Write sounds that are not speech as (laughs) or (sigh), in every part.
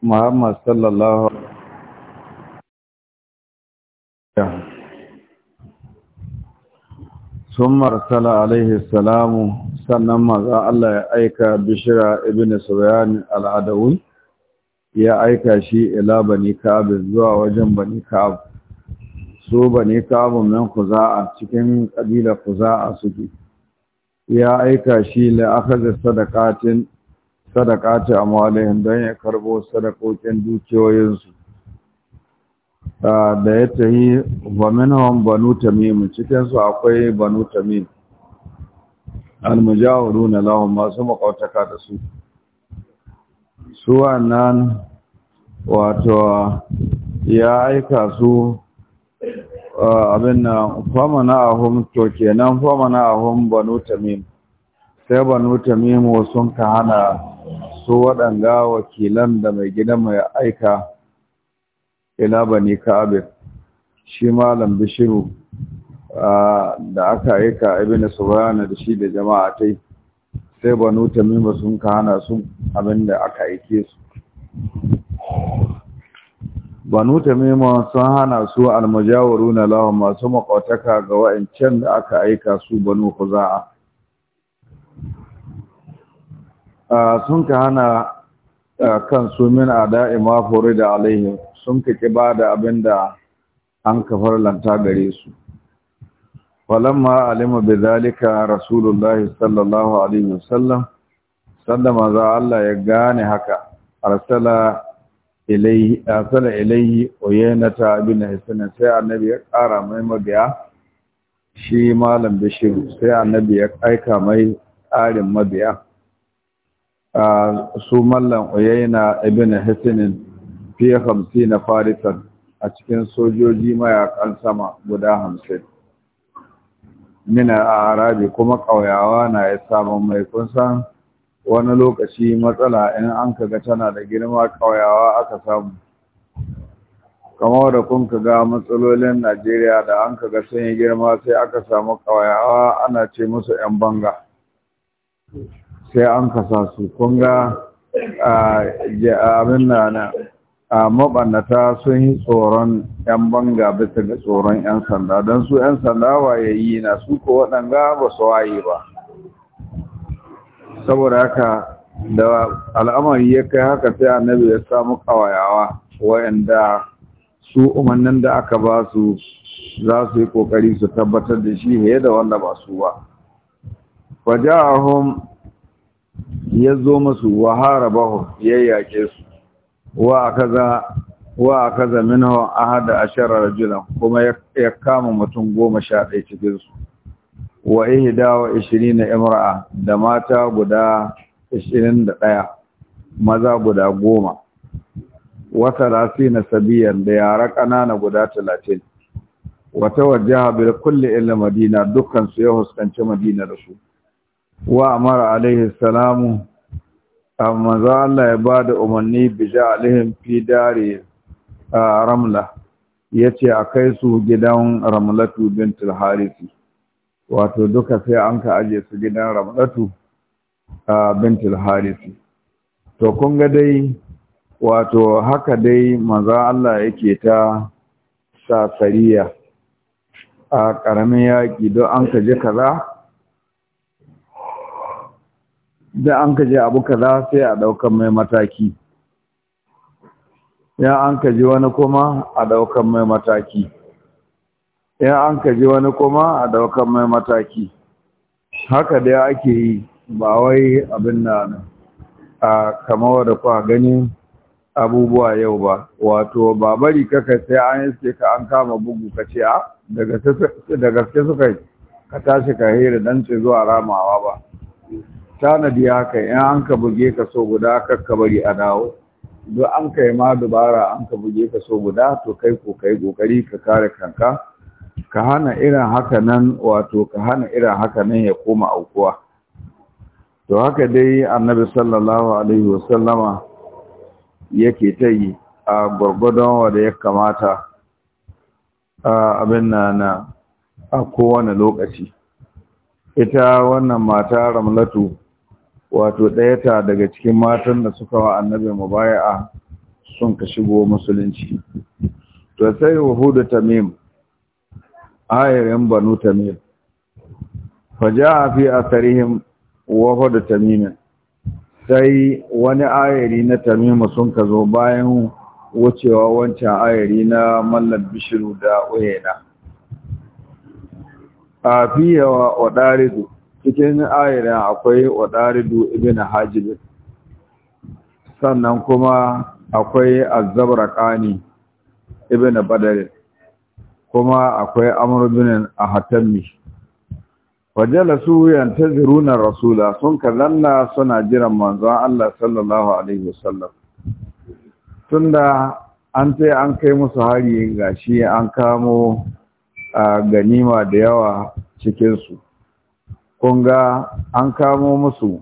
muhammad sallallahu alaihi marsala alaihi salamu sannan maza Allah ya aika bishira ibn suryan al'adawi ya aika shi ila bani ka'ab zuwa wajen bani ka'ab su bani ka'ab min kuza'a cikin kabila kuza'a suke ya aika shi لأخذ الصدقات sadaka ta amwalihim don ya karbo sadakokin dukiyoyinsu ah, da ya tahi yi vaminawan banu tamimu cikinsu akwai banu tamim na lahun masu makautaka da su su wannan wato ya aika su ah, abin na famana ahum to kenan na ahun banu tamim sai banu tamimu sun ka hana su waɗanda wakilan da mai gidan mai aika ila bani ka'abir shi malam bishiru da aka aika su bayana da shi da jama'a tai sai banu tamima sun ka hana su da aka aike su banu tamima sun hana su na lawan masu makwataka ga wa'ancan da aka aika su banu za'a. sun ka hana kansu min da'ima ma da alaihim sun ka ba da abin da an kafar lanta gare su falamma alima bai zalika Rasulullah sallallahu alaihi wasallam sanda maza Allah ya gane haka arsala ilaihi arsala ta uyanata bin sai annabi ya kara mai mabiya shi malam bishir sai annabi ya aika mai ƙarin mabiya su mallan uyaina ibn hasinin fiye hamsi na farisan a cikin sojoji mayakan sama guda hamsin mina a arabi kuma ƙauyawa na ya samun mai kunsan wani lokaci matsala in an kaga tana da girma ƙauyawa aka samu kamar da kun ga matsalolin najeriya da an kaga sun yi girma sai aka samu ƙauyawa ana ce musu 'yan banga sai an kasa su kun ga abin na na maɓannata sun yi tsoron 'yan banga bisa ga tsoron 'yan sanda don su 'yan sanda yi na su ko waɗanga ba su waye ba saboda haka da al'amari ya kai haka sai annabi ya samu kawayawa wayanda su umarnin da aka ba su za su yi kokari su tabbatar da shi fiye da wanda ba su ba wajahum ya zo masu wa harabahu ya yake su wa kaza wa kaza minhu ahada ashara rajulan kuma ya kama mutum goma sha ɗaya cikin su wa ihda wa 20 imra'a da mata guda ishirin da ɗaya, maza guda goma wa na sabiyan da yara ƙanana guda talatin. wata wajaha bil kulli ila madina dukkan su ya huskanci madina da su wa amara alaihi salamu amma za Allah ya ba da umarni bija alihim fi dare a ramla ya ce a kai su gidan ramlatu bintul harisi wato duka sai an ka aje su gidan ramlatu a bintul harisi to kun ga dai wato haka dai maza Allah yake ta sasariya a ƙaramin yaƙi don an ka je kaza da an ka je abu kaza sai a ɗaukan mai mataki ya an ka ji wani kuma a ɗaukan mai mataki ya an ka ji wani kuma a ɗaukan mai mataki haka dai ake yi ba wai abin na a wa da kwa gani abubuwa yau ba wato ba bari kaka sai an yi ka an kama bugu ka ce a da gaske suka ka tashi ka hira dan ce zuwa ramawa ba tanadi haka in an ka buge ka so guda kakka bari a dawo duk an yi ma dubara an ka buge ka so guda to kai ko kai kokari ka kare kanka ka hana irin haka nan wato ka hana irin haka nan ya koma aukuwa to haka dai annabi sallallahu alaihi wasallama yake ta yi a gwargwadon wanda ya kamata a abin na na a kowane lokaci ita wannan mata ramlatu wato ɗaya ta daga cikin matan da suka wa annabi mubaya'a sun ka shigo musulunci to sai wahudu tamim ayarin banu tamim faja'a fi asarihim wahudu tamim sai wani ayyari na tamima sun ka zo bayan wucewa wancan ayyari na mallan bishiru da uyena a fiye wa ɗarizu cikin ayirin akwai wadaridu ibn hajib sannan kuma akwai azzabrakani ibn badr kuma akwai amr bin ahatami wajalasu yantaziruna rasula sun kallalla suna jiran manzon Allah sallallahu alaihi wasallam tunda an sai an kai musu hari gashi an kamo a ganima da yawa cikinsu Kunga an kamo musu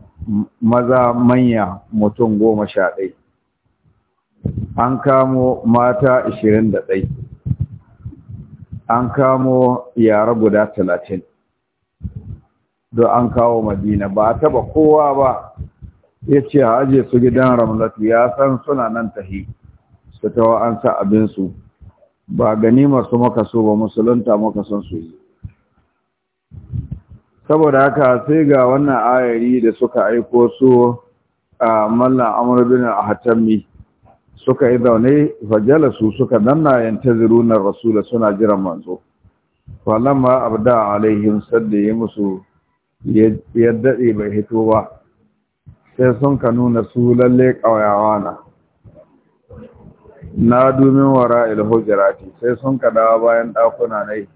maza manya mutum goma sha ɗai an kamo mata ishirin da ɗai an kamo yara guda talatin don an kawo madina ba taba kowa ba ya ce haje su gidan ramlatu ya san suna nan tahi su tawa an sa abinsu ba ganimarsu masu maka ba musulunta maka son su yi saboda haka sai ga wannan ayari da suka aiko su a mallan Amurbin a hatammi suka yi zaune fajala su suka danna yantazirunar rasula suna jiran manzo abu abda alaihim sadda ya musu ya daɗe bai hito ba sai sun ka nuna su lalle ƙauyawa na na domin wara ilhujirati sai sun ka dawa bayan ɗakuna yi.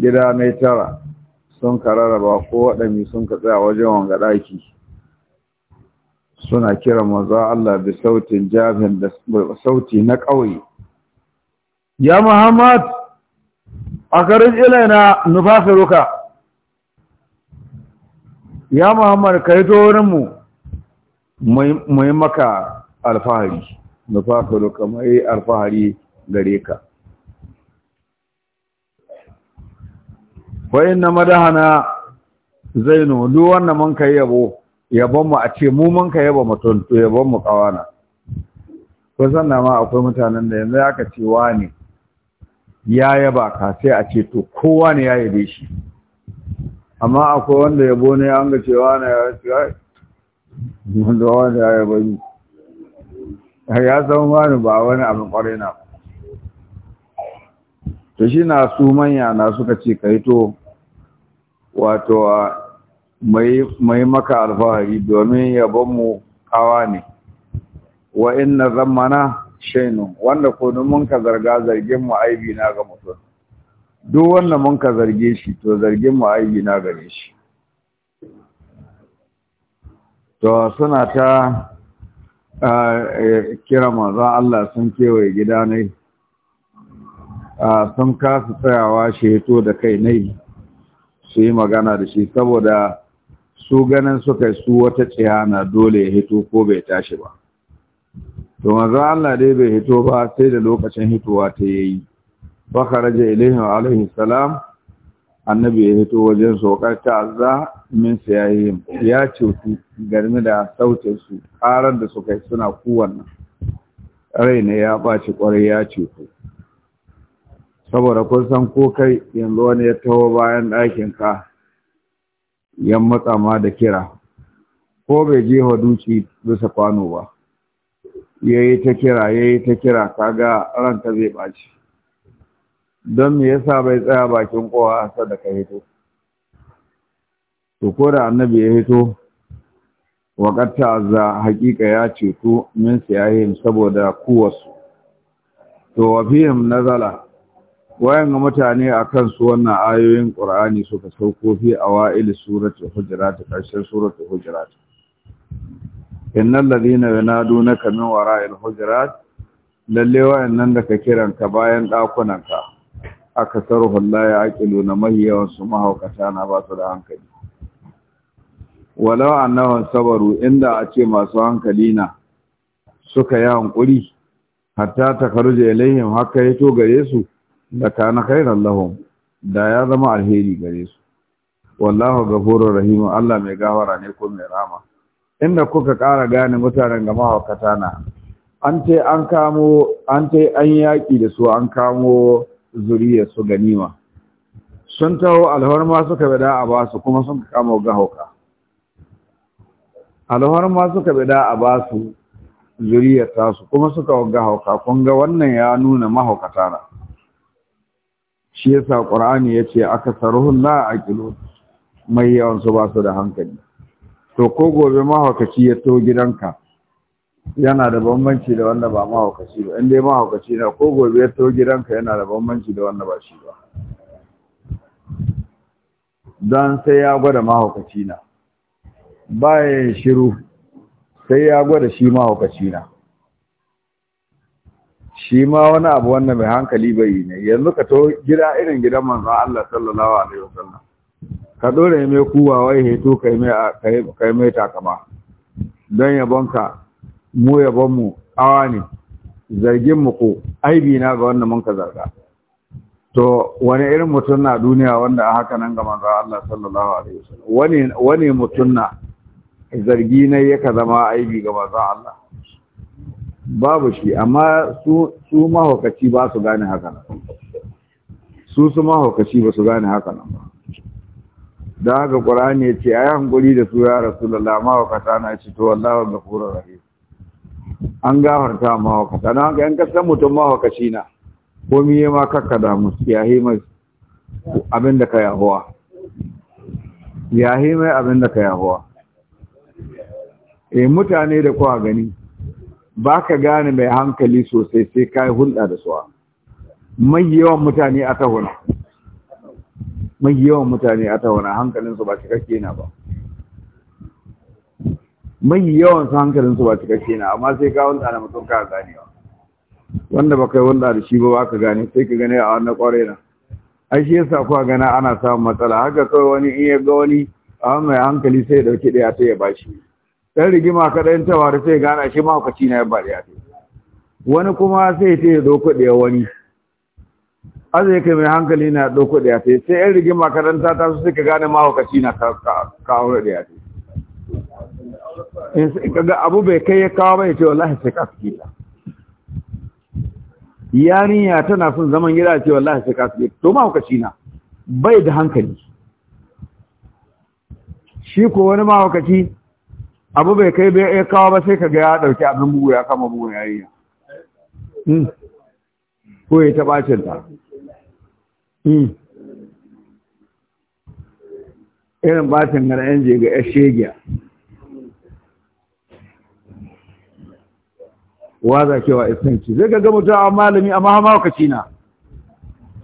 gida mai tara sun ka rarraba ko waɗanda sun ka tsaya wajen wanga ɗaki suna kira maza Allah bi sautin jabin da sauti na ƙauye ya Muhammad akarij ilaina nufasiruka ya Muhammad kai yi wurin mu mu maka alfahari nufasiruka mai alfahari gare ka bayan na, madahana zainu duk wannan mun kai yabo yabon mu a ce mu mun kai yaba mutum to yabon mu kawana ko sanna ma akwai mutanen da yanzu aka ce wani ya yaba ka sai a ce to kowa ne ya yabe shi amma akwai wanda yabo ne an ga cewa na ya ce wanda wani ya yaba ni ya zama wani ba wani abin kwarai na to shi na su manya na suka ce kai to wato mai maka alfahari domin mu kawa ne wa inna zammana shainu wanda ko mun ka zarga zargin mu aibi na ga mutum duk wanda mun ka zarge shi to zargin mu aibi na gare shi to suna ta e, kira manzon Allah sun kewaye gida ne sun kasa tsayawa sheto da kai nai su yi magana da shi saboda su ganin suka su wata tsiyana dole ya hito ko bai tashi ba to manzo Allah dai bai hito ba sai da lokacin hitowa ta yayi baka raje ilayhi alaihi salam annabi ya hito wajen sokar ta'azza min siyayin ya cutu garmi da sautin su karar da suka suna kuwannan rai ne ya ɓaci kwarai ya ce su. saboda kun san ko kai yanzu wani ya taho bayan ɗakin ka ya matsa ma da kira ko bai je duci bisa kwano ba ya yi ta kira ya yi ta kira kaga ranka zai ɓaci don me yasa bai tsaya bakin kowa a ka hito to ko da annabi ya hito waƙatta za haƙiƙa ya ceto min siyahin saboda kuwarsu to wafihim zala. wayan ga mutane a kansu wannan ayoyin ƙur'ani suka sauko fi a wa'ili suratul hujurat ƙarshen suratul hujurat innal ladina yanadunaka min wara'il hujurat lalle wayannan da ka kiran ka bayan dakunan ka aka sarhu la yaqiluna mahiyawan su mahaukata na ba su da hankali walau annahu sabaru inda a ce masu hankali na suka yi hankuri hatta ta karuje ilaihim haka yato gare su da kana khairan lahum da ya zama alheri gare su wallahu ghafurur rahim Allah mai gawara ne ko mai rama. inda kuka ƙara gane mutanen ga mahaukata na an ce an kamo an ce an yaƙi da su an kamo zuriyar su ganima sun taho ma suka bada a basu kuma sun kamo alhawar ma suka bada a basu zuriyar tasu kuma suka hauka, kun ga wannan ya nuna mahaukata na shi yasa qur'ani yace akasaruhum la aqilu mai yawan su ba su da hankali to ko gobe mahaukaci ya to gidanka yana da bambanci da wanda ba mahaukaci ba inda ya mahaukaci na ko gobe ya to gidanka yana da bambanci da wanda ba shi ba don sai ya gwada mahaukaci na bayan shiru sai ya gwada shi mahaukaci na shi ma wani abu wannan mai hankali bai ne yanzu ka to gida irin gidan manzon Allah sallallahu alaihi wasallam ka dore mai kuwa wai heto kai mai kai mai takama don yabonka mu yabon mu awani zargin mu ko aibi na ga wannan mun ka zarga to wani irin mutum na duniya wanda haka nan ga manzo Allah sallallahu alaihi wasallam wani wani mutum na zargi ne yaka zama aibi ga manzo Allah babu shi amma su mahaukaci ba su gane haka nan su su mahaukaci ba su gane haka ba da haka ƙur'ani ya ce a yi hankuli da su ya rasulallah mahaukata na ce to wallawa ga furar rahim an gafarta mahaukata na haka yan kasan mutum mahaukaci na ko ya ma kakka da musu yahi mai abin da ka yahuwa yahi mai abin da ka yahuwa Eh mutane da kuwa gani ba ka gane mai hankali sosai sai ka yi hulɗa da suwa mai yawan mutane a tahuna mai yawan mutane a tahuna hankalinsu ba cikakke na ba mai yawan su hankalinsu ba cikakke na amma sai ka hulɗa da mutum ka wa wanda ba kai hulɗa da shi ba ba ka gane sai ka gane a wannan ƙwarai na ai shi yasa kuwa gana ana samun matsala haka kawai wani in ya ga wani a mai hankali sai ya ɗauki ɗaya sai ya bashi ɗan rigima kaɗan ta da sai gana shi mahaukaci na yabba ya ce wani kuma sai ta yi zo kuɗe wani azai kai mai hankali na ɗo kuɗe ya ce sai ɗan rigima kaɗan ta taso sai ka gane mahaukaci na kawo ya ce in kaga abu bai kai ya kawo bai ce wallahi sai ka suke ta yarinya tana son zaman gida ce wallahi sai ka suke to mahaukaci na bai da hankali shi ko wani mahaukaci abu bai kai bai ya kawo ba sai ka ga ya ɗauki abin bugu ya kama bugu ya yi hmm. ko ya ta bacin ta irin bacin gana yan je ga ya shegiya ke wa isanki zai ga ta a malami a mahamaukaci na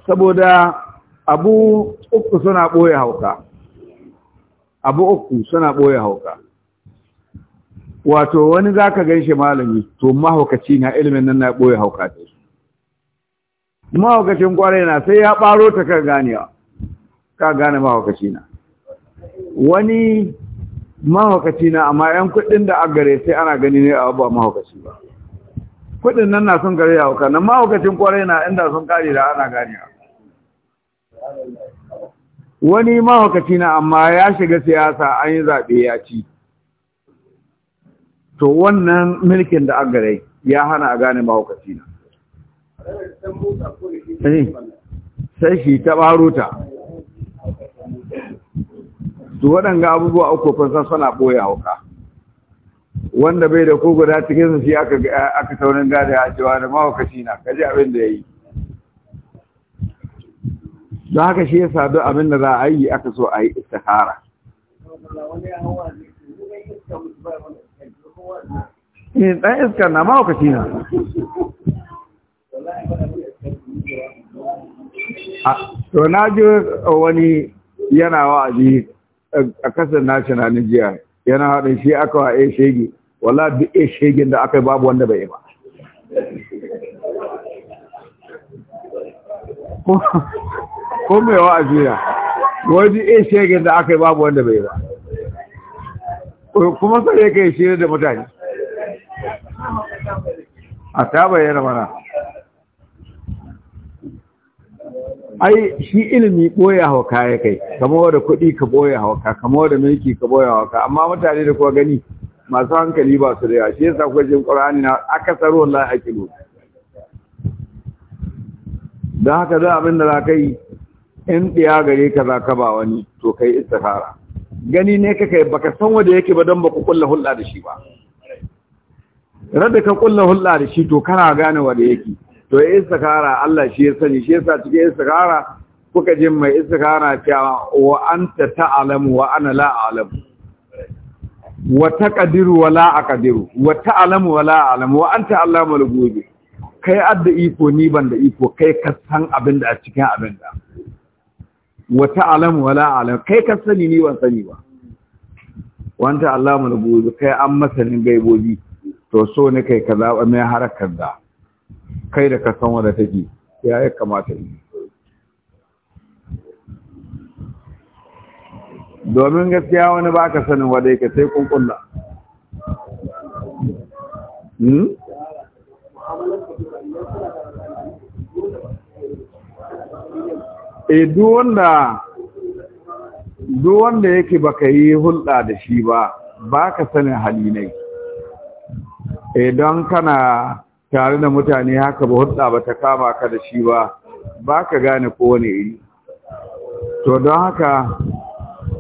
saboda abu uku suna ɓoye hauka abu uku suna ɓoye hauka wato wani za ka gan shi malami to mahaukaci na ilimin nan na ɓoye hauka su. mahaukacin kwarai na sai ya ɓaro ta kan ganewa ka gane mahaukaci na wani mahaukaci na amma yan kuɗin da agare sai ana gani ne a ba mahaukaci ba kuɗin nan na sun gare ya hauka na mahaukacin kwarai na inda sun kare da ana ganewa wani mahaukaci na amma ya shiga siyasa an yi zaɓe ya ci to wannan milkin da an gare ya hana a gane mahaukaci na eh, sai shi ta baruta to waɗanga abubuwa uku fansa suna ɓoye hauka wanda bai da ko guda cikinsa shi aka taunin gada ya cewa da mahaukaci na kaji abin da ya yi don haka shi ya sadu abin da za a yi aka so a yi istihara eh dan iska na ma wakaci na ah, to na ji eh, wani yana wa'azi eh, a kasar national jiya yana haɗin shi aka wa a shege wala duk a shege da aka babu wanda bai yi ba ko mai wa'azi na wani a shege da aka babu wanda bai yi ba kuma kare ka yi shirin da mutane a ta bayyana mana ai shi ilimi ɓoye hauka ya kai kamar wadda kuɗi ka ɓoye hauka kamar wadda mulki ka ɓoye hauka amma mutane da kuwa gani masu hankali ba su da yawa shi yasa kuwa jin ƙur'ani na aka tsaro wallahi a kilo don haka za abin da za ka yi in ɗiya gare ka za ka ba wani to kai istikhara gani ne kakai baka san wanda yake ba don baka kulla hulɗa da shi ba radda ka kulla hulɗa da shi to kana gane wanda yake to ya istikara Allah shi ya sani shi yasa cikin istikara kuka jin mai istikara cewa wa anta ta'lamu wa ana la a'lamu wa taqdiru wa la aqdiru wa ta'lamu wa la a'lamu wa anta allamul ghuyub kai adda iko ni ban da iko kai ka san abinda a cikin abinda. Wata alamu wala alamu kai ka sani ni ban sani ba wanta mu ghuib kai an masanin gaibobi to so ne kai ka zaba mai harakar da kai da ka san wanda take ya ya kamata ni domin gaskiya wani baka sanin wadai ka sai kunna hmm? eh duk wanda wanda yake baka yi hulɗa da shi ba ba ka sanin hali ne idan eh, kana tare da mutane haka ba hulɗa ba ta kama ka da shi ba ba ka gane ko wani yi, to don haka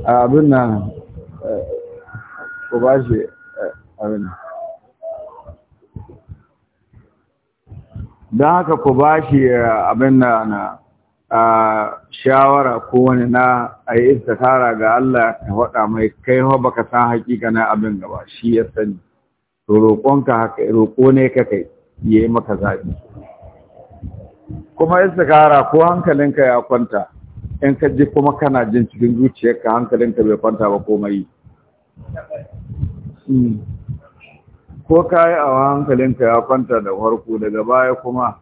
abin nan eh, ko ba shi eh, abin don haka ba shi abin na. a shawara ko wani na a yi istikara ga Allah ya faɗa mai kai ho baka san hakika na abin gaba shi ya sani to roƙonka haka roƙo ne ka kai ya yi maka zaɓi kuma istikara ko hankalinka ya kwanta in ka ji kuma kana jin cikin zuciyarka hankalinka bai kwanta ba komai hmm. ko ka yi a hankalinka ya kwanta da farko daga baya kuma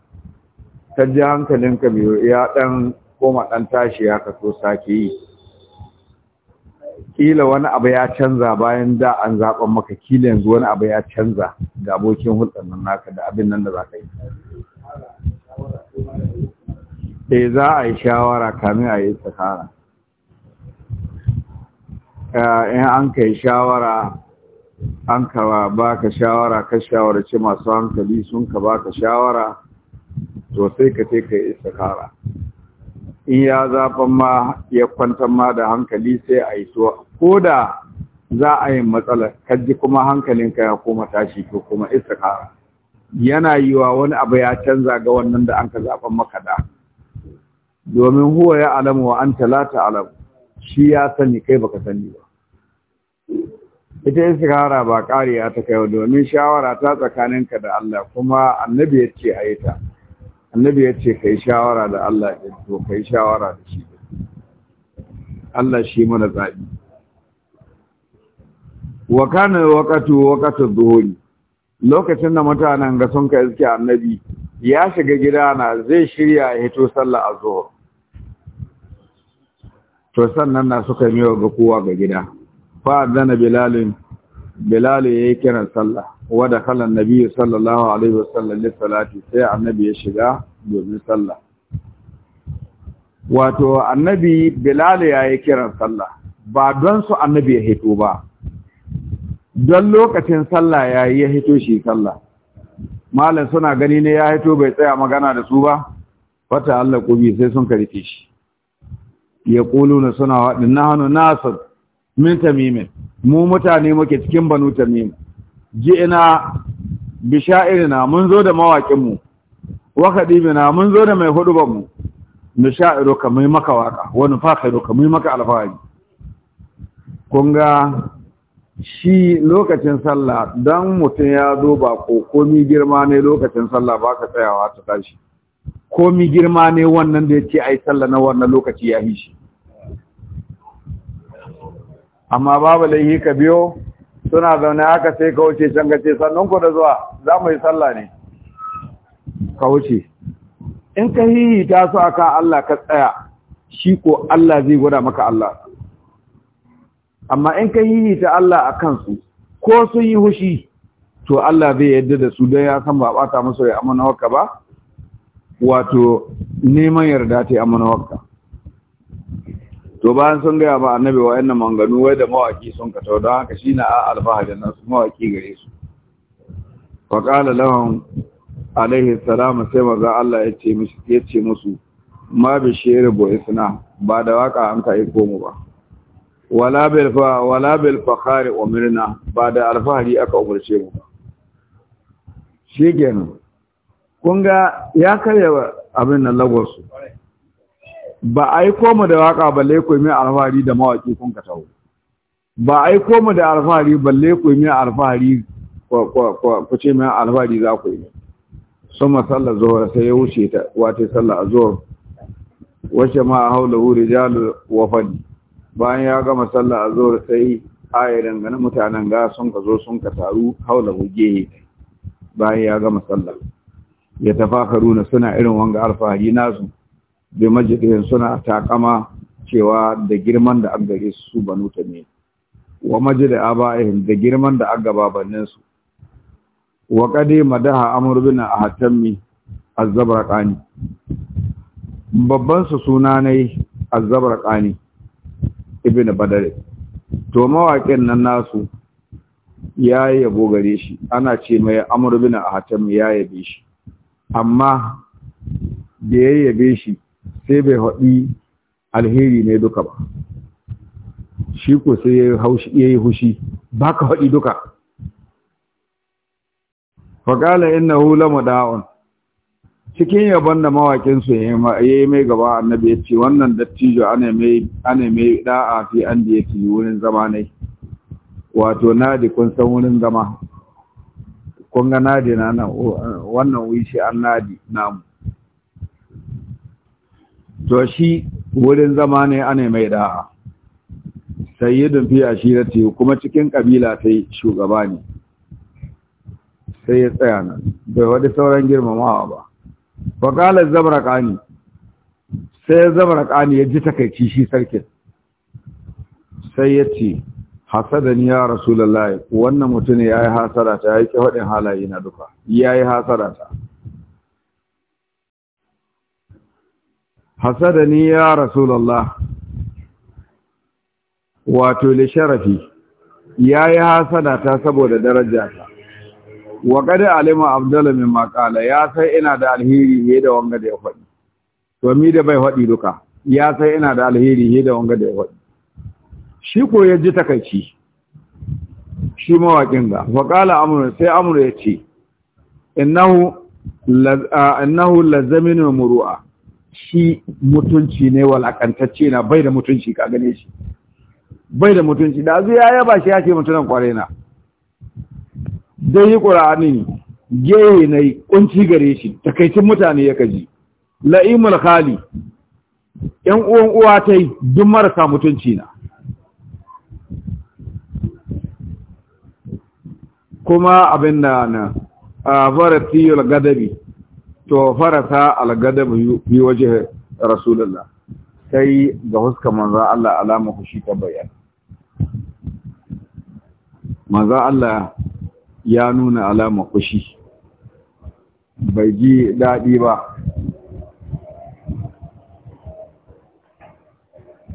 Ta ji hankalinka biyu ya ɗan koma ɗan tashi ya ka so sake yi kila wani abu ya canza bayan da an zaɓan maka kila yanzu wani abu ya canza ga abokin hulɗar nan naka da abin nan da za ka yi eh za a yi shawara kamin a yi tsakara eh, in an kai shawara an ka ba ka shawara ka shawarci masu hankali sun ka ba ka shawara to sai ka sai ka yi istikara in ya zafan ma ya kwanta ma da hankali sai a yi ko da za a yi matsalar kaji kuma hankalinka ya koma tashi ko kuma istikara yana yiwa wani abu ya canza ga wannan da an ka zaɓan maka da domin huwa ya alamu wa an talata alamu shi ya sani kai baka sani ba ita istikhara ba kariya ta kai domin shawara ta tsakaninka da Allah kuma annabi ya ce a yi ta annabi ya ce ka yi shawara da Allah ɗin to ka yi shawara da shi Allah shi mana zaɓi wa kana waqatu waqatu dhuhri lokacin da mutanen ga sun ka iske annabi ya shiga gida na zai shirya ya hito sallah azhar to sannan na suka miyo ga kowa ga gida fa zana bilalin bilal yi kiran sallah wa da kalan nabi sallallahu alaihi wasallam da salati sai annabi ya shiga domin sallah wato annabi bilal ya yi kiran sallah ba don su annabi ya hito ba don lokacin sallah ya yi ya hito shi sallah malam suna gani ne ya hito bai tsaya magana da su ba Wata Allah kubi sai sun karfe shi ya na suna waɗin na hannu nasir min tamimin mu mutane muke cikin banu tamimin ji'ina bi sha'irina mun zo da mawaƙinmu mu wa kadibina mun zo da mai huɗubanmu mu mu maka waka wa nufakhiruka mai maka alfahari kun shi lokacin sallah don mutum ya zo ba ko komi girma ne lokacin sallah ba ka tsayawa ta tashi komi girma ne wannan da ya ce a sallah na wannan lokaci ya yi shi amma babu laihi ka biyo suna zaune haka sai ka wuce can gace ce sannan ku da zuwa za mu yi sallah ne ka wuce in ka hihita su aka Allah ka tsaya shi ko Allah zai gwada maka Allah amma in ka hihita Allah a kansu ko sun yi hushi to Allah zai yadda da su don ya san ba bata musu ya amana haka ba wato neman yarda ta yi amana haka to bayan sun gaya ba annabi wa yannan manganu wai da mawaki sun kato don haka shi na a alfaharin nasu mawaki gare su wa ƙala lahun alaihi salama sai maza Allah ya ce musu ma bi shi'ir bo suna ba da waka an ka aiko mu ba wala bil fa wala fakhari umirna ba da alfahari aka umarce mu ba shi kenan kun ga ya karya abin nan lagos ba a yi koma da waka balle ku mai alfahari da mawaki kun ka tawo ba a yi koma da alfahari balle ku mai alfahari ku ce mai alfahari za ku yi sun masalla zuwa sai ya wuce ta wata salla a zuwa wace ma a haula wuri jalu wafani bayan ya gama salla a zuwa sai aya dangane mutanen ga sun ka zo sun ka taru haula wuge bayan ya gama salla ya tafakaru na suna irin wanga alfahari nasu bi majidin suna takama cewa da girman da aka gare su banu ne. wa majida aba'ihim da girman da aka babannin su wa qadi madaha amr bin ahtami az-zabraqani babban su suna ne az-zabraqani ibn badr to mawaƙin nan nasu ya yabo gare shi ana ce mai amr bin ahtami ya yabe shi amma da ya yabe shi sai bai haɗi alheri ne duka ba shi ko sai ya yi hushi ba ka haɗi duka faƙala ina hula da'un cikin yabon da mawaƙinsu ya yi mai gaba annabi ya ce wannan dattijo ana mai da'a fi an da yake wurin zama ne wato nadi kun san wurin zama kun ga nadi na nan wannan wishi an nadi namu to shi wurin zama ne ana mai da'a sayyidun fi ashirati kuma cikin kabila sai shugaba ne sai ya tsaya nan bai wani sauran girmamawa ba faqala zabraqani sai zabraqani ya ji takaici shi sarkin sai ya ce hasadani ya rasulullahi wannan mutum ya yi hasara ta ya yi halaye na duka yayi yi hasara ta hasadani ya rasulullah wato li sharafi yi hasada ta saboda darajata wa kada alima abdullah min maqala ya sai ina da alheri he da wanga da ya faɗi to mi da bai faɗi duka ya sai ina da alheri he da wanga da ya faɗi shi ko ya ji takaici shi mawaƙin ga wa kala amru sai amru ya ce innahu innahu lazaminu muru'a shi mutunci ne walakantacce na bai da mutunci ka gane shi bai da mutunci da azu ya yaba shi ya ce mutunan kwarai na dai yi ƙura'ani gaye na yi ƙunci gare shi takaicin mutane ya kaji la'imul khali ‘yan uwan uwa ta yi duk marasa mutunci na kuma abin da na a faratiyar gadabi to farata algadab bi waje rasulullah sai ga huska manzo Allah alama fushi ta bayyana manzo Allah ya nuna alama fushi bai ji dadi ba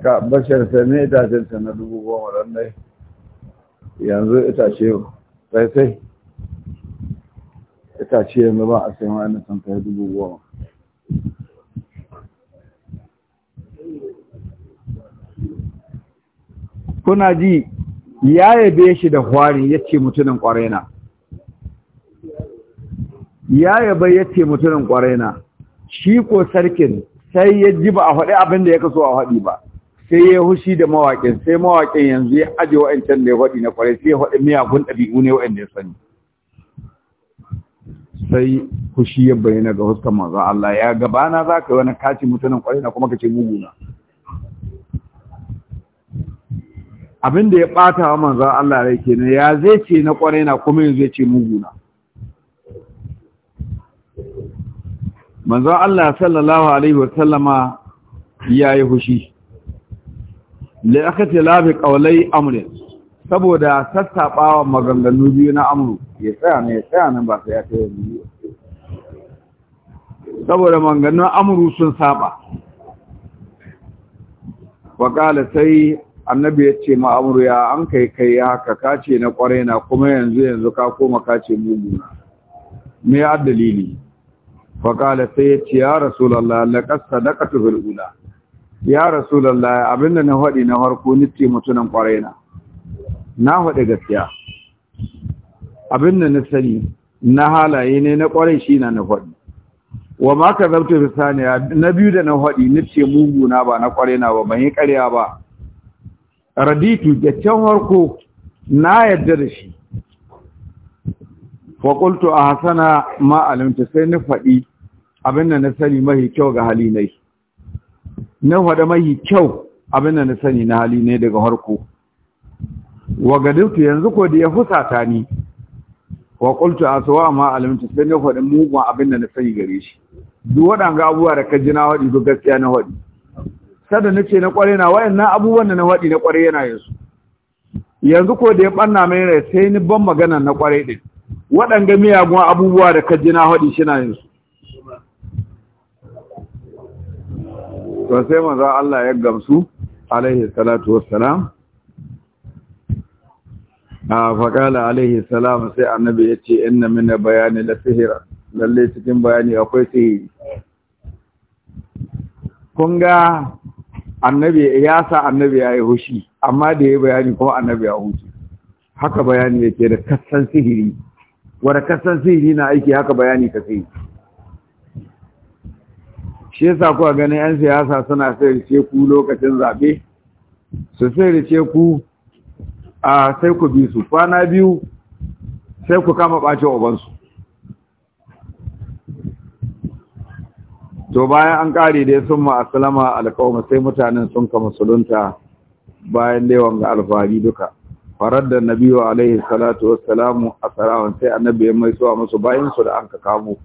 ka bashar sai ne jinta na dubu goma ɗan yanzu itace sai sai ka ce yanzu ba a sayan wa'annan tankaya dubu goma kuna ji ya yabe shi da hwari ya ce mutumin ƙwarena ya yabe ya ce mutumin ƙwarena shi ko sarkin sai ya ji ba a faɗi abin da ya kaso a faɗi ba sai ya hushi da mawaƙin sai mawaƙin yanzu ya aje wa'ancan da ya faɗi na ƙwarai sai ya faɗi miyakun ɗabi'u ne wa'anda ya sani sai fushi ya bayyana ga huskan manzo Allah ya gabana za ka yi wani kaci mutunan kwarai na kuma ka ce muguna abin da ya ɓata wa manzo Allah rai kenan ya zai ce na kwarai na kuma yanzu ya ce muguna manzo Allah sallallahu alaihi wasallama ya yi fushi la akhati la bi qawlai amrin saboda sassaɓawa maganganu biyu na amuru ya tsaya ne ya tsaya nan ba sai ya tsaye biyu saboda maganganun amuru sun saba wakala sai annabi ya ce ma'amuru ya an kai kai haka kace na ƙwarai na kuma yanzu yanzu ka koma kace muguna me ya dalili wakala sai ya ce ya rasulallah laqad sadaqatu bil ula ya rasulallah abinda na haɗi na harko nice mutunan ƙwarai na na faɗi gaskiya abin da na sani na halaye ne na ƙwarai shi na na faɗi wa ma ka zabta fi saniya na biyu da na faɗi ni ce mugu na ba na ƙwarai na ba ban yi ƙarya ba raditu da can farko na yadda da shi wa qultu a hasana ma alimta sai na faɗi abin da na sani mahi kyau ga hali na faɗa mahi kyau abin da na sani na hali ne daga harko wa gadautu yanzu ko da ya husata ni wa qultu aswa ma alimtu sai ne faɗin mugun abin da na sani gare shi duk waɗanga abubuwa da kaji na wadi duk gaskiya na waɗi sada nace na kware na wayannan abubuwan da na wadi na kware yana yanzu yanzu ko da ya banna mai rai sai ni ban magana na kware din waɗanga miyagun abubuwa da kaji na wadi shi na yanzu to sai manzo Allah ya gamsu alaihi salatu wassalam a faƙala alaihi salam sai annabi ya ce ina mina bayani da sihira lalle cikin bayani akwai sihiri kun ga annabi ya sa annabi ya yi hushi amma da ya bayani kuma annabi ya huce haka bayani yake da kasan sihiri wadda kasan sihiri na aiki haka bayani ka sai shi yasa kuwa ganin 'yan siyasa suna sayarce ku lokacin zaɓe su sayarce ku a sai ku bi su kwana biyu sai ku kama ɓace ubansu to bayan an ƙare dai sun ma asalama alƙawar sai mutanen sun ka musulunta bayan lewan ga alfahari duka farar da nabiyu alaihi salatu wassalamu a tsarawan sai annabi ya mai suwa musu su da an ka kamo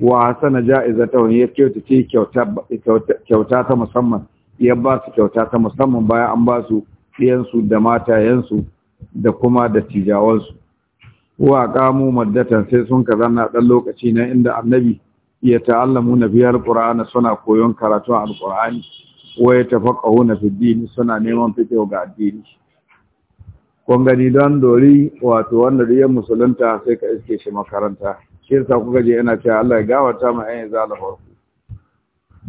wa hasana ta wani ya kyauta ce kyauta ta musamman ya ba su kyauta ta musamman bayan an ba su ɗiyansu da matayensu da kuma da tijawansu wa kamu maddatan sai sun ka zanna dan lokaci na inda annabi ya ta'allamu na biyar ƙura'ana suna koyon karatu ƙura'ani wa yatafaqahuna fi dini suna neman fito ga addini kun gani don dori wato wanda da musulunta sai ka iske shi makaranta shi yasa kuka je yana cewa Allah ya gawata mu izala farko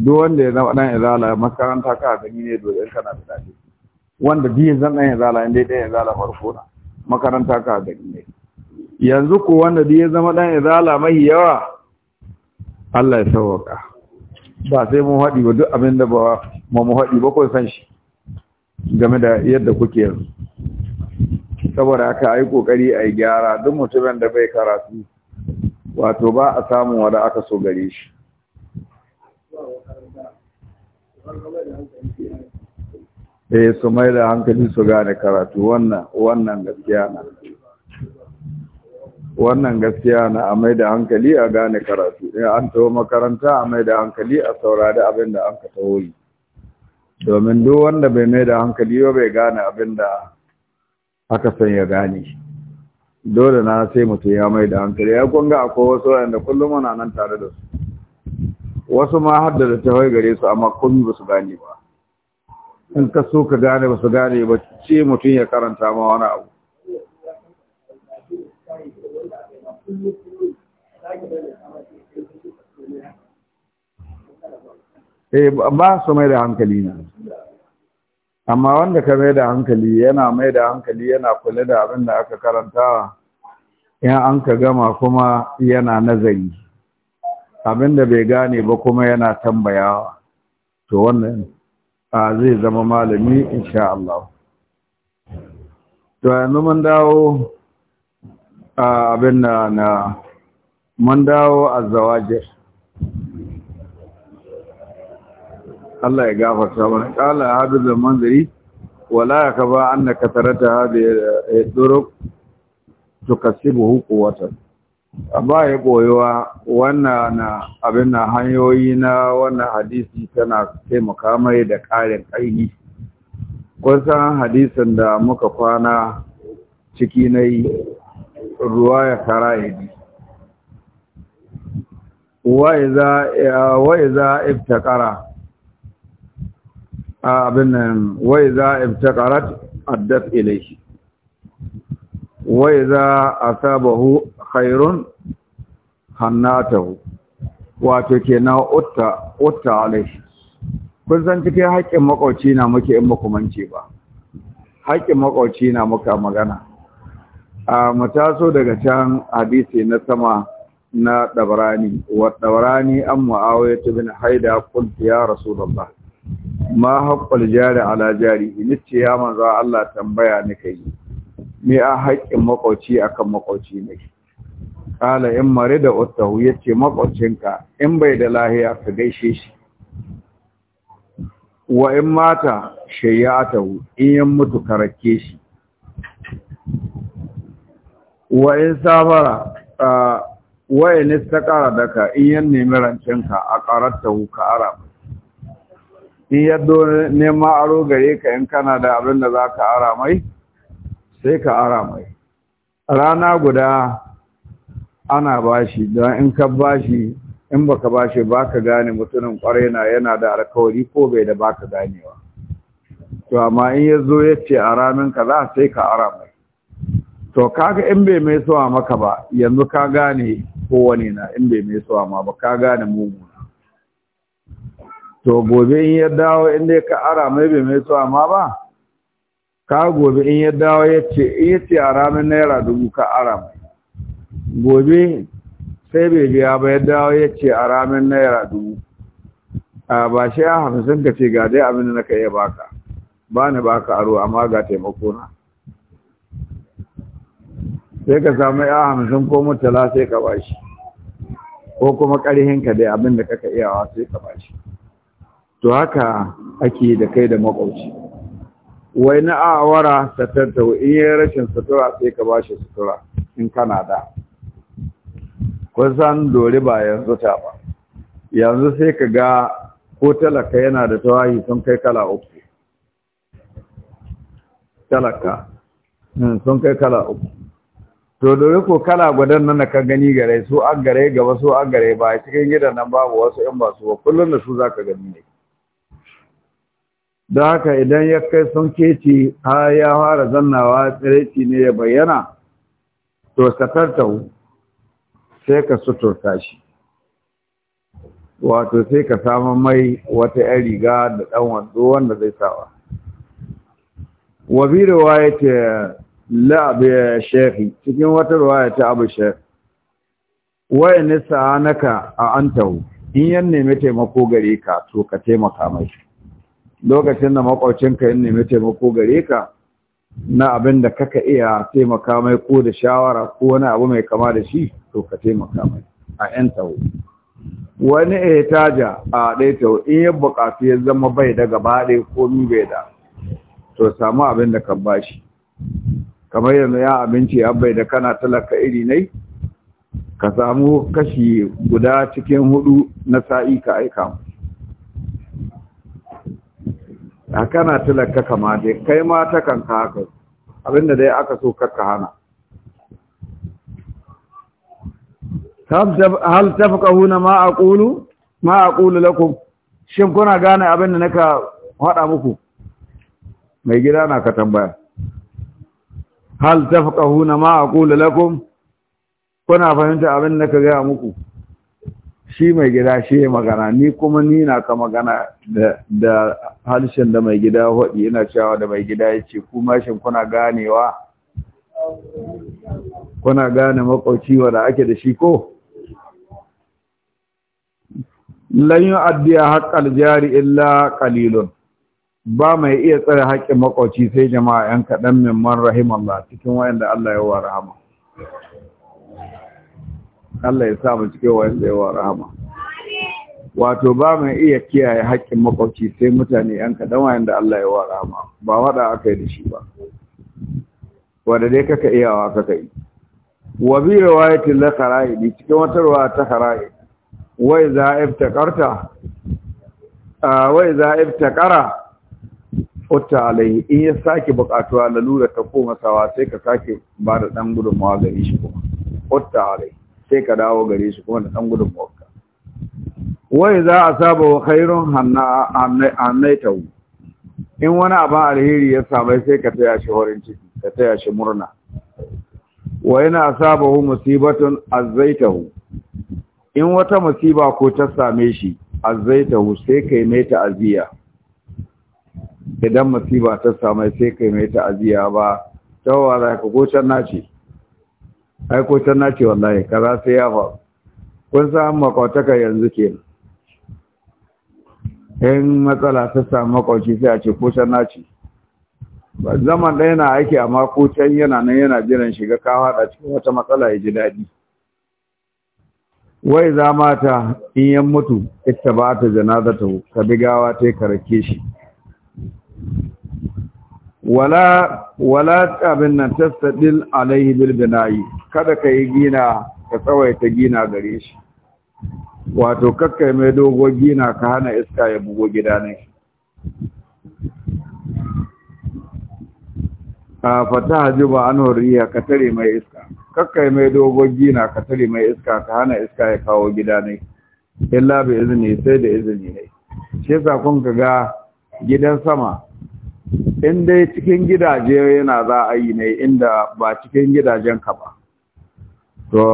duk wanda ya zama ɗan izala makaranta ka gani ne dole kana da dadi wanda biyun zan ɗan izala inda ɗan izala farko na makaranta ka gari ne yanzu ko wanda biyun zama ɗan zala mai yawa Allah ya sauwaka ba sai mun haɗi ba duk abin da ba mu haɗi ba kun san shi game da yadda kuke yanzu saboda haka a yi ƙoƙari a yi gyara duk mutumin da bai karatu wato ba a samun wada aka so gare shi eh su mai da hankali su gane karatu wannan wannan gaskiya na wannan gaskiya na a mai da hankali a gane karatu in an taho makaranta a mai da hankali a saurari abin da an ka taho yi domin duk wanda bai mai da hankali ba bai gane abin da aka san ya gane dole na sai mutum ya mai da hankali ya kunga akwai wasu wanda kullum ana nan tare da su wasu ma da ta gare su amma kun ba su gane ba in ka so ka gane ba su gane ba ce mutum ya karanta ma wani abu eh ba su mai da hankali na amma wanda ka mai da hankali yana mai da hankali yana kula da abin da aka karanta in an ka gama kuma yana nazari abin da bai gane ba kuma yana tambayawa to wannan zai zama malami insha Allah to yanzu mun dawo abin na na mun dawo zawajir. Allah ya gafarta mana qala da manziri wala yakaba annaka tarata hadhihi duruq tukasibuhu quwwatan ba ya koyuwa wannan na abin na hanyoyi na wannan hadisi tana taimaka mai da ƙarin ƙarfi kusan hadisin da muka kwana ciki na yi, ruwa ya kara idi wai za iftakara abin nan wai za a addat ilai wai za a sabahu khairun hannatahu wato ke na utta utta alaihi kun san cikin haƙƙin makwauci na muke in makamanci ba haƙƙin makwauci na muka magana a mu taso daga can hadisi na sama na dabrani wa dabrani an mu'awiyah bin haida qult ya rasulullah ma haqqul jari ala jari nice ya manzo Allah tambaya nika yi me a haƙƙin makwauci akan makwauci ne kala in mare da ustahu ya ce makwaucinka in bai da lahiya ka gaishe shi wa in mata shayyatahu in yin mutu karake shi wa in safara wa in ƙara daka in yin nemi rancinka a qaratahu ka ara in yadda nema aro gare ka in kana da abin da za ka ara mai sai ka ara mai rana guda ana bashi don in ka bashi in baka bashi ka gane mutumin kwarai na yana da alkawari ko bai da ba ka ganewa to amma in ya zo ya ce a ranar kaza sai ka ara mai to kaga in bai mai suwa maka ba yanzu ka gane kowane na in bai mai suwa ma ba ka gane muguna to gobe in ya dawo in dai ka ara mai bai mai suwa ma ba ka gobe in ya dawo ya ce in eh, ya ce a ramin naira dubu ka aram gobe sai bai biya ba ya dawo ya ce a ramin naira dubu a ba shi a hamsin ka ce ga dai abin da ka iya baka ba ni baka aro amma ga taimako na sai ka samu ya hamsin ko mutala sai ka bashi ko kuma ka dai abin da iya wa sai ka bashi to haka ake da kai da makwauci wai na awara ta tattau in yi rashin sutura sai ka ba shi sutura in kana da kusan dori ba yanzu ta ba yanzu sai ka ga ko talaka yana da tawahi sun kai kala uku talaka hmm, sun kai kala uku to dori ko kala gudan nan ka gani gare su an gare gaba su an gare ba cikin gidan nan babu wasu yan ba su ba kullum da su zaka gani ne don haka idan ya kai sun keci har ya fara zannawa tsiraici ne ya bayyana to sakarta sai ka suturta shi wato sai ka samun mai wata 'yan riga da ɗan wando wanda zai sawa wabi ruwaya la'abu ya shafi cikin wata ruwaya ta abu shafi waye nisa naka a antahu in yan nemi taimako gare ka to ka taimaka mai lokacin da ka ya nemi taimako gare ka na abin da kaka iya taimaka mai ko da shawara ko wani abu mai kama da shi to ka taimaka mai a yan taho wani ya taja a ɗaya taho in ya buƙatu ya zama bai da gaba ɗaya ko mi bai da to samu abin da kan bashi kamar yanzu ya abinci ya bai da kana talaka iri nai ka samu kashi guda cikin hudu na sa'i ka aika mu a kana tilaka kama dai kai ma ta kanka haka abinda dai aka so kakka hana hal tafqahuna ma aqulu ma aqulu lakum shin kuna gane abinda naka hada muku mai gida na ka tambaya hal tafqahuna ma aqulu lakum kuna fahimta abinda naka ga muku shi mai gida shi ya magana ni kuma ni na ka magana da harshen da mai gida hodi yana cewa da mai gida ya ce kuma shin kuna ganewa kuna gane makwauci wanda ake da shi ko lan yu'addiya haqqal jari illa qalilun ba mai iya tsare haƙƙin makwauci sai jama'a yan kaɗan min man rahimallah cikin wayanda Allah ya wa rahama Allah ya sa mu cikin wanda yawa rahama wato ba mai iya kiyaye haƙƙin makwabci sai mutane yan kadan da Allah ya wa rahama ba waɗa aka yi da shi ba wanda dai kaka iyawa kaka yi wa bi kara'i bi cikin wata ruwa ta khara'i wa Wai za a idza iftaqara futta alai in ya sake buƙatuwa lalura ta koma sawa sai ka sake ba da ɗan gudunmawa gare shi kuma futta alai sai ka dawo gare shi kuma da ɗan gudun mawaka wai za a saba wa khairun hannaitau in wani abin alheri ya samai sai ka taya shi horin ciki ka taya shi murna Wai na saba wa musibatun azzaitahu in wata musiba ko ta same shi azzaitahu sai ka yi mai ta'aziyya idan musiba ta same sai kai mai ta'aziyya ba ta wa za ka na nace aiko can na ce wallahi kaza sai ya faru kun san makwataka yanzu ke in matsala ta samu sai a ce ko ce. Ba zaman ɗaya na aiki amma ko can yana nan yana jiran shiga ka haɗa cikin wata matsala ya ji daɗi wai za mata in yan mutu ita ba ta janaza ta bi gawa ta yi karake shi wala wala abin nan tasadil alaihi bil bina'i kada ka yi gina ka tsawaita gina gare shi wato kakka mai dogo gina ka hana iska ya bugo gida ne a fata juba an horiya ka tare mai iska kakka mai dogo gina ka tare mai iska ka hana iska ya kawo gida ne illa bi izini sai da izini ne shi yasa kun ga gidan sama in dai cikin gidaje yana za a yi ne inda ba cikin gidajen ka ba to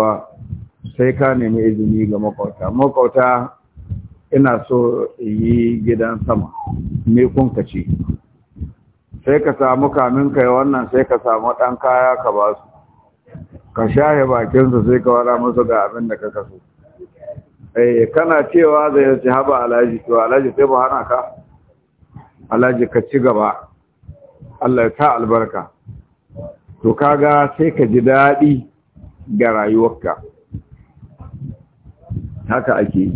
sai ka nemi izini ga makauta makauta ina so yi gidan sama me kun ka ce sai ka samu kamin kai wannan sai ka samu ɗan kaya ka ba su ka shahe bakinsu sai ka wara musu ga abin da ka kaso eh kana cewa zai ci haba alaji to alaji sai ba hana ka alaji ka ci gaba Allah ya ta albarka to kaga sai ka ji daɗi ga rayuwarka haka ake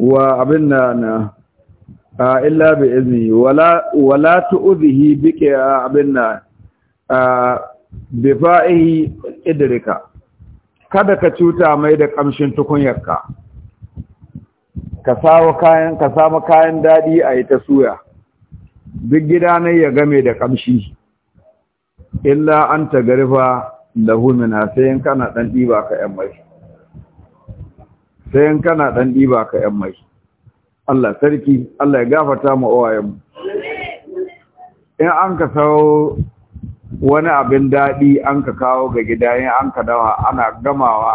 wa abin na na illa bi izini wala wala tu'dhihi bika abin na bi fa'ihi idrika kada ka cuta mai da kamshin tukunyarka ka samu kayan ka samu kayan dadi a ita suya duk gida ne ya game da kamshi illa an tagarfa lahu mina sai in kana dan diba ka yan mai sai in kana dan diba ka yan mai Allah sarki Allah ya gafarta mu uwayen mu in an ka sau wani abin daɗi an ka kawo ga gida in an ka dawa ana gamawa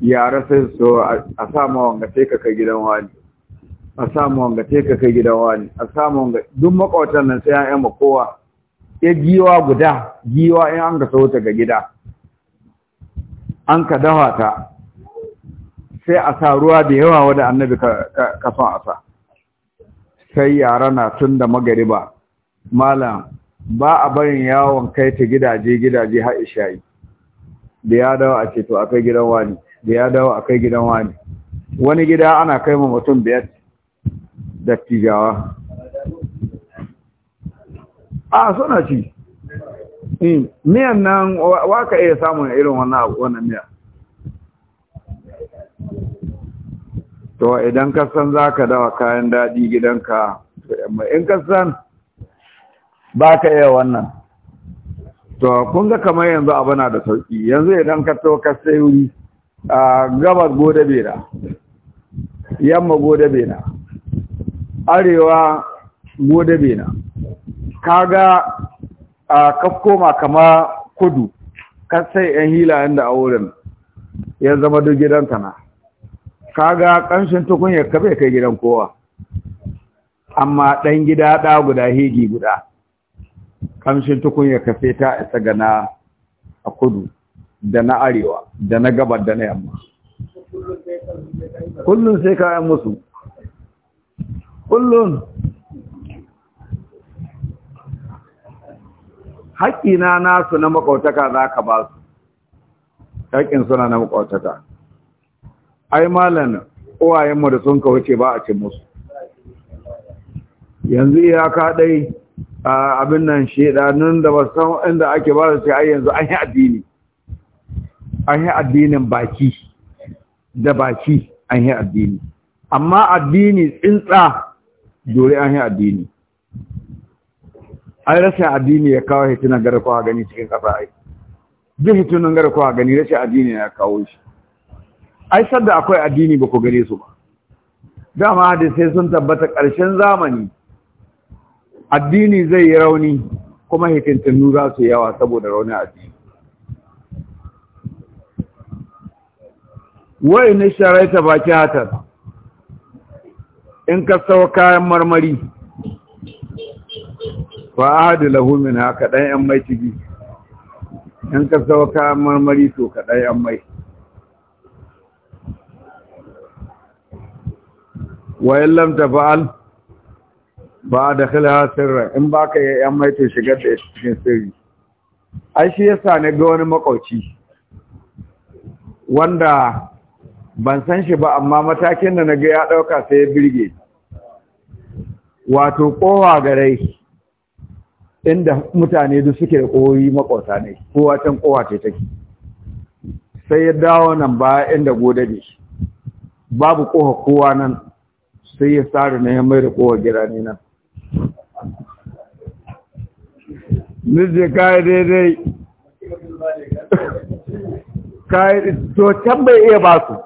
yara sai so a sama wanga sai ka kai gidan wani a samu wanga te ka kai gidan wani a samu wanga duk makwatan nan sai ya'yan ma kowa ya giwa guda giwa in an ga sauta ga gida an ka dawa ta sai a sa ruwa da yawa wadda annabi ka son a sa sai yara na tun da magariba malam ba a barin yawon kai ta gidaje gidaje har isha'i da ya dawo a ce to akai gidan wani da ya dawo akai gidan wani wani gida ana kai ma mutum biyar dattijawa a suna ci hmm, miyan nan waka iya samun irin wannan wannan miya to idan ka san ka dawa kayan daɗi gidanka to amma in ka san ka iya wannan to kun ga kamar yanzu abu na da sauki yanzu idan ka to ka sai wuri a gabar gode bera yamma gode bera arewa gode bena kaga a koma kama kudu ka sai yan hila inda a wurin ya zama duk gidanta na kaga kanshin tukunya ya kabe kai gidan kowa amma ɗan gida ɗa guda hegi guda kamshin tukunya ka ta isa ga na a kudu da na arewa da na gabar da na yamma kullum sai ka musu kullun haƙina nasu na makautaka za ka ba su haƙin suna na makautaka ai malan uwayenmu da sun wuce ba a ce musu yanzu ya kaɗai abin nan shedanun da ba san inda ake ba su ce ai yanzu an yi addini an yi addinin baki da baki an yi addini amma addini tsintsa dore an yi addini ai rashin addini ya kawo hitunan garkuwa gani cikin ƙasa ai duk hitunan garkuwa gani rashin addini ya kawo shi ai sadda akwai addini ba ku gare su ba dama sai sun tabbata ƙarshen zamani addini zai yi rauni kuma hikintinnu za su yawa saboda raunin addini wai ne ta baki hatar in ka sau kayan marmari ba a lahu min haka ɗan yan mai ciki in ka sau kayan marmari to ka ɗan yan mai wa in lam ba'al? ba da khilha sirra in ba baka yan mai to shigar da cikin sirri ai shi yasa ne ga wani makauci wanda ban san shi ba amma matakin da na ga ya ɗauka sai ya birge wato kowa garai inda mutane duk suke da ƙoyi makwauta ne kowa can kowa ce take sai ya dawo nan ba inda ne babu kowa kowa nan sai ya tsari na ya mai da kowa gida ne nan nije kayi daidai kayi to can bai iya ba su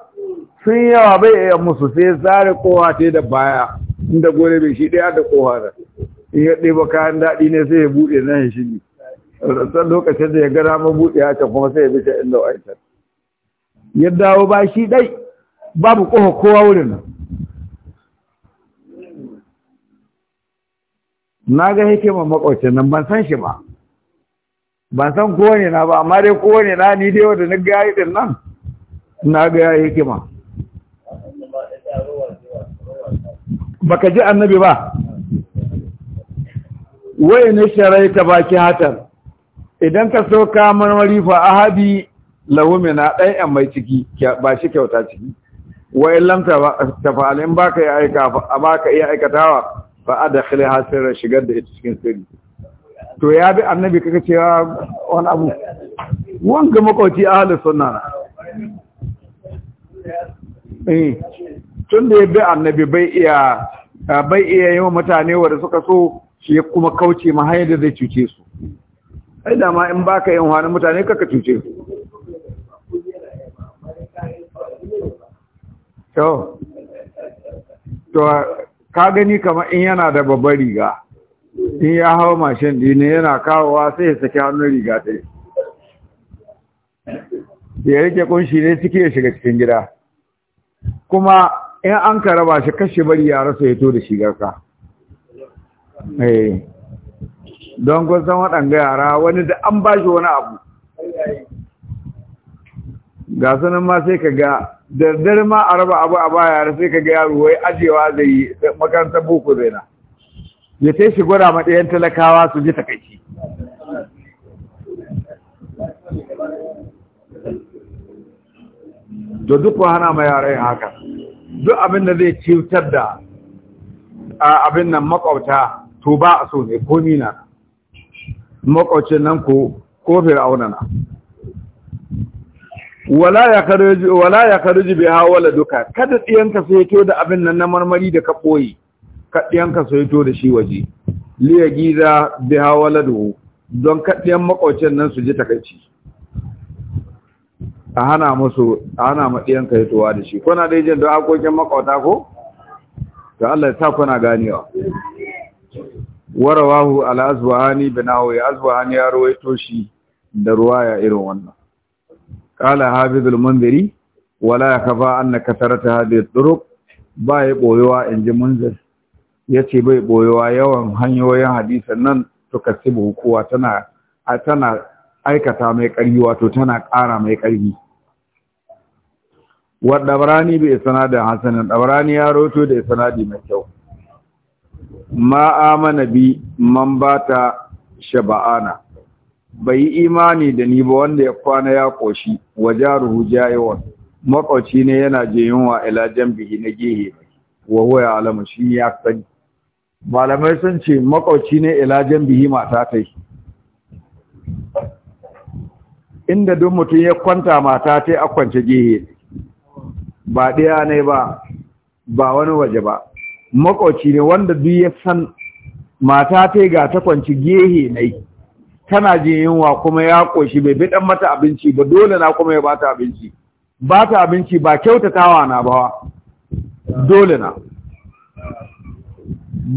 sun yawa bai iya musu sai tsari kowa ce da baya inda gore bai shi ɗaya da kowa da in ya ɗeba kayan daɗi ne sai ya buɗe nan ya shigi rasar lokacin da ya gara ma buɗe ya kuma sai ya bi inda wa'aikar ya dawo ba shi ɗai babu ƙofa kowa wurin nan na ga ma makwacin nan ban san shi ba ban san kowane na ba amma dai kowane na ni dai wanda na ga yi din nan na ga hikima baka ji annabi ba Wai ne sharaita baki hatar idan ka so ka marmari fa ahadi lahu mina dai an mai ciki ba shi kyauta ciki wai lam ta fa'alin baka ya aika baka iya aikatawa fa adkhil hasir shigar da ita cikin sirri to ya bi annabi kaga cewa wani abu wanga makauci ahli sunna eh tun da ya bi annabi bai iya bai iya yi wa mutane wanda suka so shi ya kuma kauce ma hanyar da zai cuce su ai da ma in baka yin wani mutane kaka cuce su to to ka gani kamar in yana da babbar riga in ya hawa mashin ne yana kawowa sai ya saki hannun riga ta ya rike kunshi ne suke shiga cikin gida kuma in an ka raba shi kashe bari rasa su to da shigar eh don kun san waɗanga yara wani da an ba shi wani abu ga sanan ma sai ka ga daddare ma a raba abu a ba yara sai ka ga yaro wai ajewa zai yi makarantar boko zai na ya ta shi gwada ma ɗayan talakawa su ji takaici to duk hana ma yara yin haka duk abin da zai cutar da abin nan makwabta to ba a so ne ko nina makwabcin nan ko ko fir'auna na wala ya karuji wala ya karuji bi hawala duka kada tsiyanka sai to da abin nan na marmari da ka koyi ka su sai to da shi waje liya giza bi wala do don ka tsiyan nan su ji takaici a hana musu a hana maɗiyanka hitowa da shi kuna da yajin don hakokin makauta ko? da Allah ta kuna ganewa warawahu al'azwahani binawai azwahani ya rawaito shi da ruwa ya irin wannan Kala habibul munziri wala yakfa anna kasarata ba ya ɓoyowa in inji munzir ce bai ɓoyowa yawan hanyoyin hadisan nan to sibu kuwa tana aikata mai ƙarfi wato tana ƙara mai ƙarfi wadda barani bai sanadin hasanin ɗabarani ya roto da sanadi mai kyau ma mana bi man bata shaba'ana bai yi imani da ni ba wanda ya kwana ya koshi wajaruhu jayawan makwauci ne yana yunwa ilajen bihi na gehe wa huwa alamu shi ya sani malamai sun ce makwauci ne ilajen bihi mata tai inda duk mutum ya kwanta mata ta a kwance gehe ba ɗaya ne ba ba wani waje ba makwaci ne wanda duk ya san mata ta ga ta kwanci gehe ne tana jin yunwa kuma ya ƙoshi. bai bidan mata abinci ba dole na kuma ya bata abinci bata abinci ba kyautatawa na ba dole na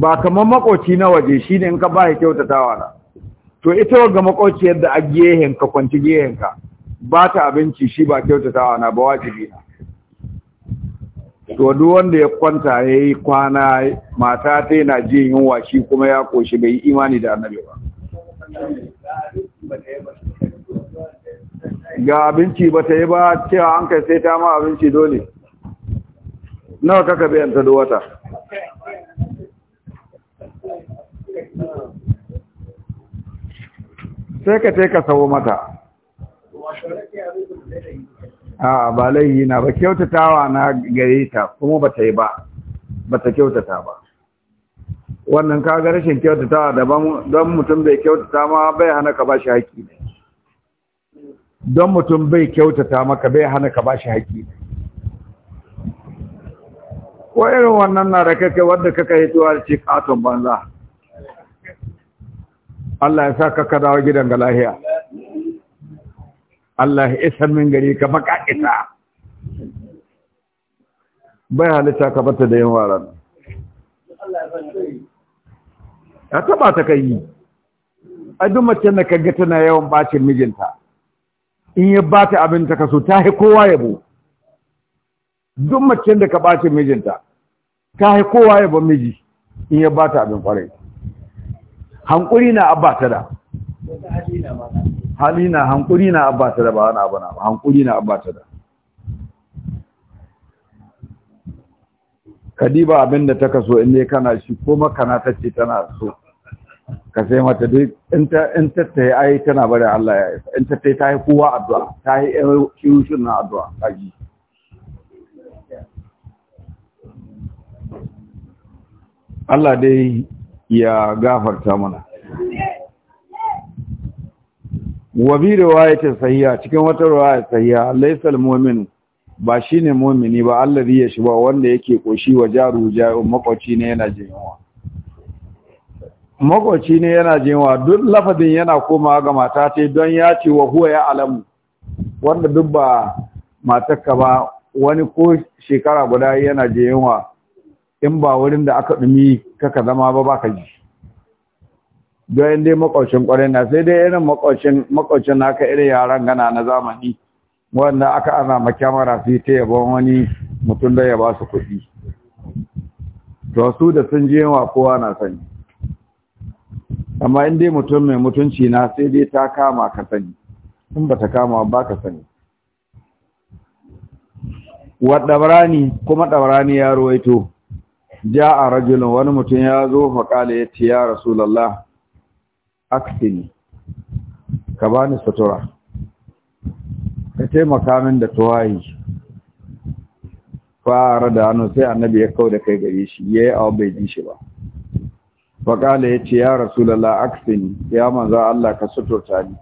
ba kamar makwaci na waje shine in ka ba ya kyautatawa na to ita ga makauciyar da a gehen ka kwanci gehen ka ba ta abinci shi ba kyautatawa na ba wajibi na to duk wanda ya kwanta ya yi kwana mata ta yana jin yunwa shi kuma ya koshi bai imani da annabi ba ga abinci ba ta yi ba cewa an kai sai ta ma abinci dole nawa kaka biyan ta wata sai ka ce ka sawo mata a ba laihi na ba kyautatawa na gare ta kuma ba ta yi ba ba ta kyautata ba wannan ka ga rashin kyautatawa daban don mutum bai kyautata ma bai hana ka ba shi haƙi ne don mutum bai kyautata maka bai hana ka ba shi haƙi ne ko irin wannan na da kake wadda kaka yi tuwa ce katon banza Allah ya sa ka ka dawo gidan ga lahiya Allah ya isa min gari ka baka isa bai halitta ka bata da yin waran ya taba ta kai yi a duk mace da kaga tana yawan bacin mijinta in ya bata abin ta kaso ta kowa yabo duk mace da ka bacin mijinta ta kowa yabo miji in ya bata abin kwarai hankuri na abba ta da halina hankuri na abba ta da ba wani abu na ba hankuri na abba ta da kadiba abinda da ta kaso in ne kana shi ko makana ta ce tana so ka sai mata duk in ta ta yi ayi tana bari Allah ya isa in ta ta ta yi kowa addu'a ta yi kirushin na addu'a kaji Allah dai ya gafarta mana wa bi riwayatin sahiha cikin wata riwaya sahiha laysal mu'min ba shine mu'mini ba allazi ya shiba wanda yake koshi wa jaru jaru makwaci ne yana jinwa makwaci ne yana jinwa duk lafadin yana komawa ga mata ce don ya ce wa huwa ya alamu wanda duk ba matarka ba wani ko shekara guda yana jinwa in ba wurin da aka ɗumi kaka zama ba ba ka ji don dai makwacin ƙwarai na sai dai irin makwacin makwacin naka irin yaran gana na zamani wanda aka ana ma kyamara su ta yabon wani mutum da ya ba su kuɗi to su da sun je wa kowa na sani amma in dai mutum mai mutunci na sai dai ta kama ka sani in ba ta kama ba ka sani wa ɗabarani kuma ɗabarani ya ruwaito ja'a rajulun wani mutum ya zo faƙala ya ce ya rasulallah aksini ka bani sutura ka taimaka min da tuwayi fara da hannu sai annabi ya kau da kai gare shi ya yi awon bai ji shi ba faƙala ya ce ya rasulallah aksini ya manza Allah ka suturta ni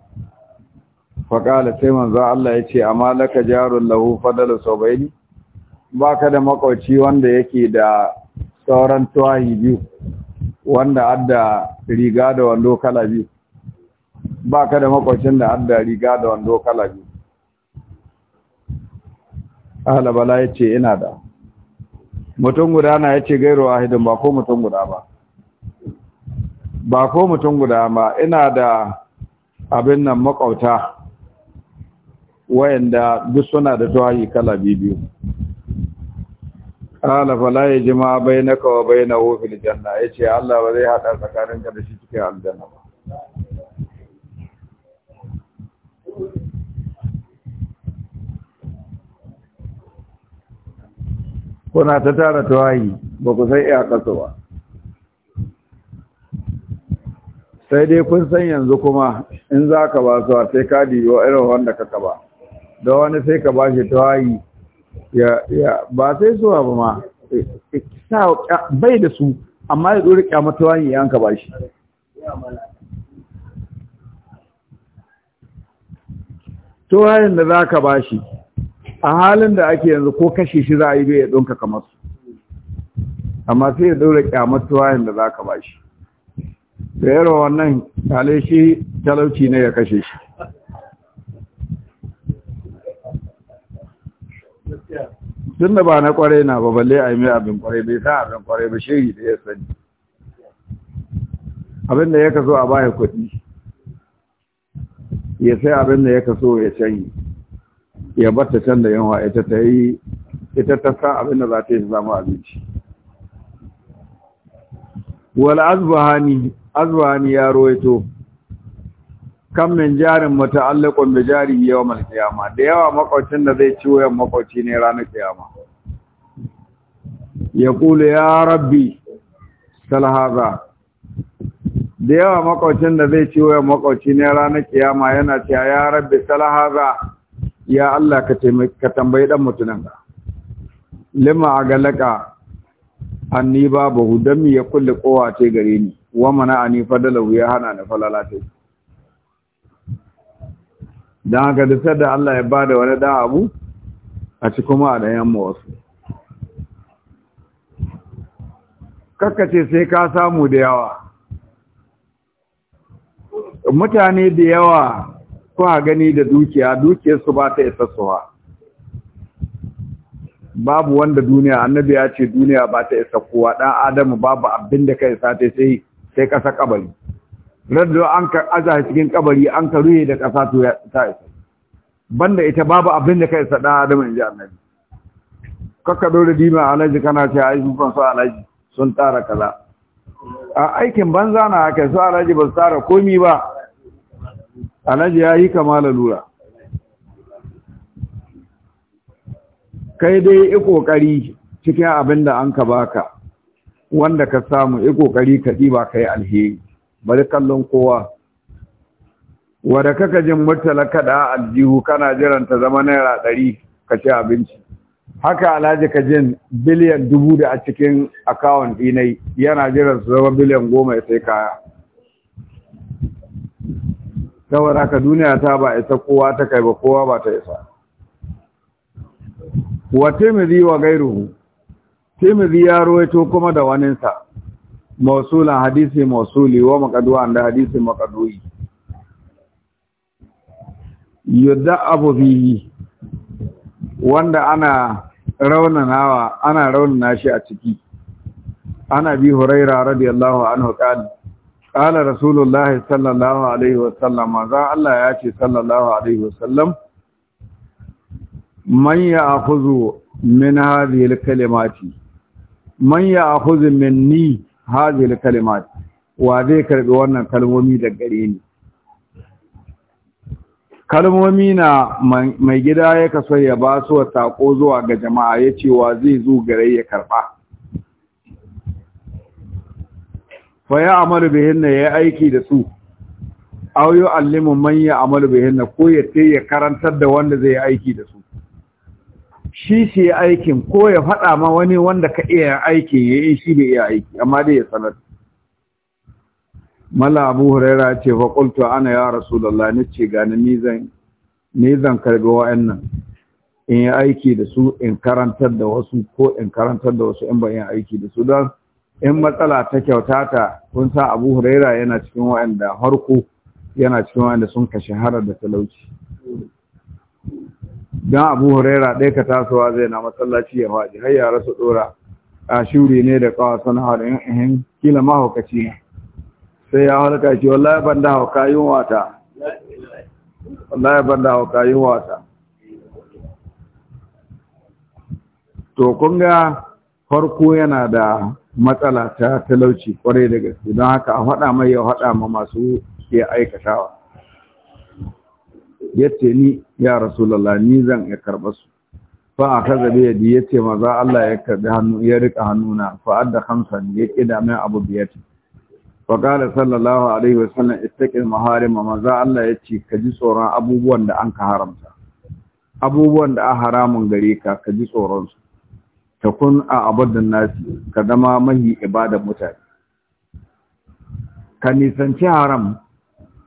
faƙala sai manza Allah ya ce amma laka jarun lahu fadala sau bai ni? ba ka da makwaci wanda yake da sauran tuwahi biyu wanda adda riga da wando kala biyu ba ka da makwacin da adda riga da wando kala biyu ahalabala ya ce ina da mutum guda na ya ce gairo ahidin ba ko mutum guda ba ba ko mutum guda ba ina da abin nan makwauta wayanda duk suna da tuwahi kala biyu qala fala na bainaka bai na wofin janna ce, Allah ba zai tsakanin tsakaninka da shi cikin aljanna ba kuna ta tara tawayi ba ku sai iya iyakarsu ba sai dai kun san yanzu kuma in za ka ba su sai ka diyo irin wanda ka ba da wani sai ka ba shi tawayi ya ya ba sai zuwa ba ma bai da su amma ya dore kyamatawa ya yanka ba shi to hayin da za ka ba shi a halin da ake yanzu ko kashe shi za a yi bai ya ɗonka kamar su amma sai ya ɗaura ƙyamar tuwayen da za ka ba shi da yaron wannan tale shi talauci ne ya kashe shi tun da ba na kware na ba balle a yi mai abin kware bai sa abin kware ba shiri da ya sani abin da ya kaso a baya kuɗi ya sai abin da ya kaso ya canyi ya batta can da yawa ita ta yi ita ta sa abin da za ta yi zama abinci wal azbahani azbahani ya roito kan min jarin muta'alliqun bi jarihi yawmal qiyama da yawa makocin da zai ciwo yan makoci ne ranar kiyama ya kula ya rabbi salhaza da yawa makocin da zai ciwo yan makoci ne ranar kiyama yana cewa ya rabbi salhaza ya Allah ka taimaka tambayi dan mutunan ka lima agalaka anni babu dan ya kulle kowa ce gare ni wa mana ani fadalahu ya hana ni falalata don haka da da Allah ya bada wani da abu a ci kuma a ɗayan wasu ce sai ka samu da yawa mutane da yawa kuwa gani da dukiya dukiyarsu ba ta isa babu wanda duniya annabi ya ce duniya ba ta isa kowa ɗan adamu babu abin da ka isa ta sai sai ƙasa ƙabari radda an ka aza cikin kabari an ka ruye da ƙasa to ta isa banda ita babu abin da ka isa da adam in ji annabi kakka dole dima alaji kana ce ai sun fansu alaji sun tara kaza a aikin banza na haka su alaji ba su tara komi ba alaji ya yi kama lura. kai dai yi ƙoƙari cikin abin da an ka baka wanda ka samu yi ƙoƙari ka ɗiba ka yi alheri bari kallon kowa wadda kaka jin murtala kada aljihu kana jiran ta zama naira ɗari ka ci abinci haka alhaji ka jin biliyan dubu da a cikin akawun ɗinai yana jiran su zama biliyan goma ya sai kaya saboda haka duniya ta ba isa kowa ta kai ba kowa ba ta isa wa taimiri wa gairuhu taimiri ya ruwaito kuma da waninsa mausulan hadisi mausuli wa maqaduwan da hadisi maqadui yadda abu fihi wanda ana raunanawa ana raunana shi a ciki ana bi huraira radiyallahu anhu qala qala rasulullahi sallallahu alaihi wasallam za Allah ya ce sallallahu alaihi wasallam man ya'khudhu min hadhihi al-kalimati man ya'khudhu minni hazil kalimat wa zai karɓi wannan kalmomi da gare ni kalmomi na mai gida ya kaso ya ba su tako zuwa ga jama'a ya ce wa zai zo gare ya karba fa ya amalu bihin ya aiki da su aw yu'allimu man ya amalu bihin ko ya ya karantar da wanda zai aiki da su shi shi ya aikin ko ya faɗa ma wani wanda ka iya aiki ya yi shi ne iya aiki amma dai ya sanar mala abu huraira ce fa ana ya rasulullah ni ce gani ni zan karbi wa'annan in yi aiki da su in karantar da wasu ko in karantar da wasu in ba yin aiki da su don in matsala ta kyautata kun sa abu huraira yana cikin wa'anda harko yana cikin wa'anda sun kashe shahara da talauci don abu huraira ɗaya ka tasowa zai na masallaci ya faɗi har yara su ɗora a shuri ne da kawasan harin ihin kila mahaukaci ne sai ya halka shi wallahi ban da hauka yin wata wallahi ban da hauka yin wata to kun ga farko yana da matsala ta talauci kwarai da gaske don haka a faɗa mai ya haɗa ma masu ke aikatawa Ya ce ni ya rasulullah ni zan ya karɓa su fa akaza bi yadi yace maza Allah ya karɓi hannu ya rika hannuna fa adda khamsan ya kida mai abu biyar. fa qala sallallahu alaihi wasallam ittaqil maharim maza Allah ya ce ka ji tsoron abubuwan da an ka haramta abubuwan da a haramun gare ka ka ji tsoron su ta kun a abadin nasi ka zama mahi ibada mutane ka nisanci haram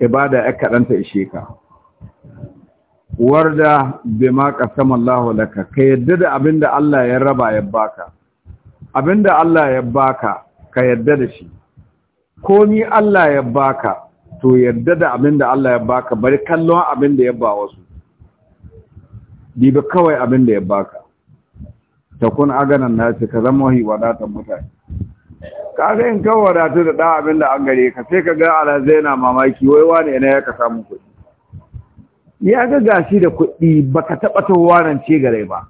ibada ya kaɗanta ishe ka warda bima qasama Allahu laka ka yadda da abinda Allah ya raba ya baka abinda Allah ya baka ka yadda da shi Ko ni Allah ya baka to yadda da abinda Allah ya baka bari kallon abinda ya ba wasu ba kawai abinda ya baka ta kun aganan nace ka zama hi wadatan mutane ka ga in ka wadatu da da abinda an gare ka sai ka ga ala zaina mamaki wai wani ne ya ka samu kuɗi ya ga gashi da kuɗi baka taɓa tahowa nan ce gare ba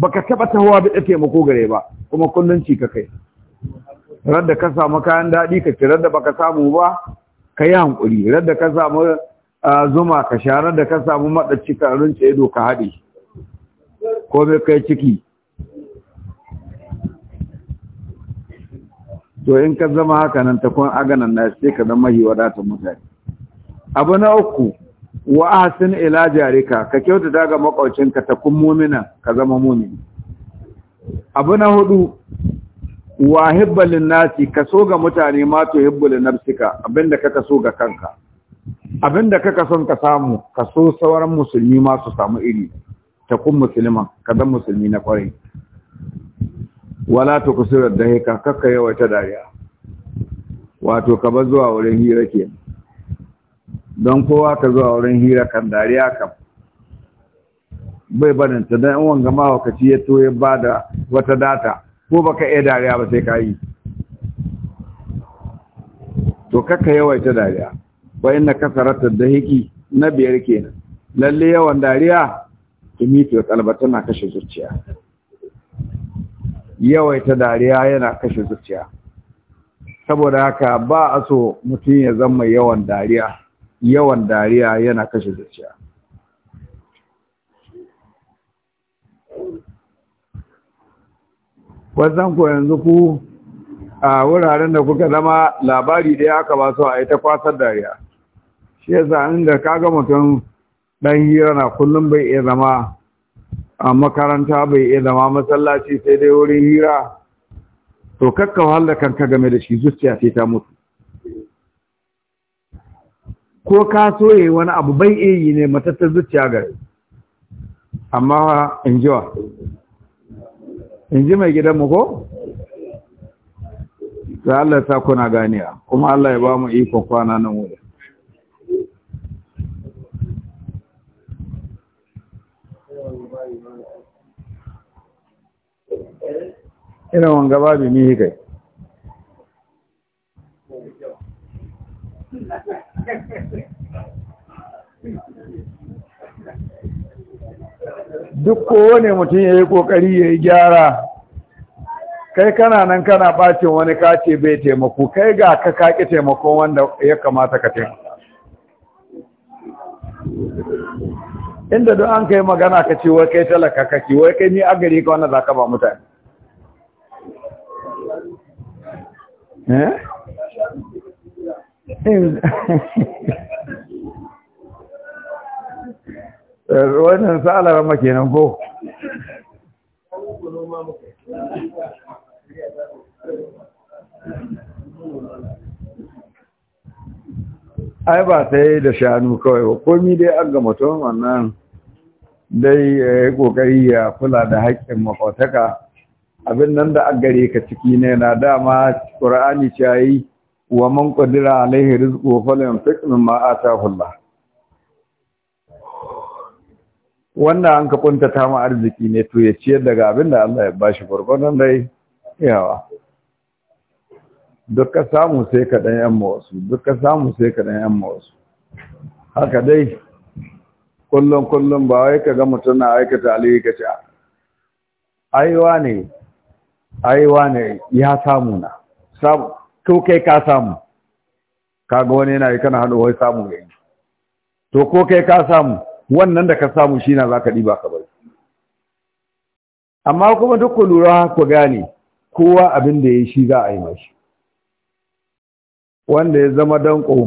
baka taɓa tahowa bi taimako gare ba kuma kullun ci ka kai radda ka samu kayan daɗi ka ci radda baka samu ba ka yi hankuri radda ka samu zuma ka sha radda ka samu maɗaci ka rince ido ka haɗe ko mai kai ciki to in ka zama haka nan ta kun aganan na sai ka zama yi wadatar mutane abu na uku wa ahsin ila jarika ka kyautata ga makaucinka ta kun mu'mina ka zama mu'mini abu na hudu wa hibbalin nasi ka so ga mutane ma to ka, nafsika abinda kaka so ga kanka abinda kaka son ka samu ka so sauran musulmi ma su samu iri ta kun musulma ka zama musulmi na kwarai wala ta kusurar da kaka kakka yawaita dariya wato ka bar zuwa wurin hira kenan don kowa ka zo a wurin hira kan dariya kam bai ta don gama wanga mahaukaci ya toye ba da wata data ko baka iya dariya ba sai ka yi to kaka yawaita dariya wa inna kasarata hiki na biyar kenan lalle yawan dariya mito kalba tana kashe zuciya yawaita dariya yana kashe zuciya saboda haka ba a so mutum ya zama yawan dariya yawan dariya yana kashe zuciya wasan ko yanzu ku a wuraren da kuka zama labari da ya aka basu a ita kwasar dariya shi yasa inda kaga mutum ɗan hira na kullum bai iya zama a makaranta bai iya zama masallaci sai dai wurin hira to kakka wahala ka game da shi zuciya sai ta mutu ko ka soye wani abu bai yi ne matattar zuciya gare amma in ji wa in ji mai gidanmu ko? ta Allah ta kuna ganiya kuma Allah ya ba mu iko kwana nan wuri ina wanga babu ni hikai duk kowane mutum ya yi ƙoƙari ya yi gyara kai kana nan kana ɓacin wani kace bai taimako kai ga ka kaƙi taimako wanda ya kamata ka taimaka inda don an kai magana ka ce wai kai talaka kake wai kai ni a gari ka wanda za ka ba mutane eh? Eh, wannan sa'alar rama kenan ko ai ba sai da shanu kawai ba komi dai an ga mutum wannan dai ya eh, yi kokari ya kula da haƙƙin mafautaka abin nan da an gare ka ciki ne na dama ƙura'ani ciyayi wa man qadira alaihi rizquhu falyunfiq mimma ataahu Allah wanda an ka ta ma arziki ne to ya ciyar daga abin da Allah ya bashi farko nan dai yawa duk ka samu sai ka dan yan wasu duk ka samu sai ka dan yan wasu haka dai kullum kullum ba wai ka ga mutum na aikata alheri ka ce aiwa ne aiwa ne ya samu na samu to kai ka samu kaga wani yana yi kana hannu wai samu yayi to ko kai ka samu wannan da ka samu shi na zaka diba ka bari amma kuma duk ku lura ku gane kowa abin da yayi shi za a yi mashi wanda ya zama danko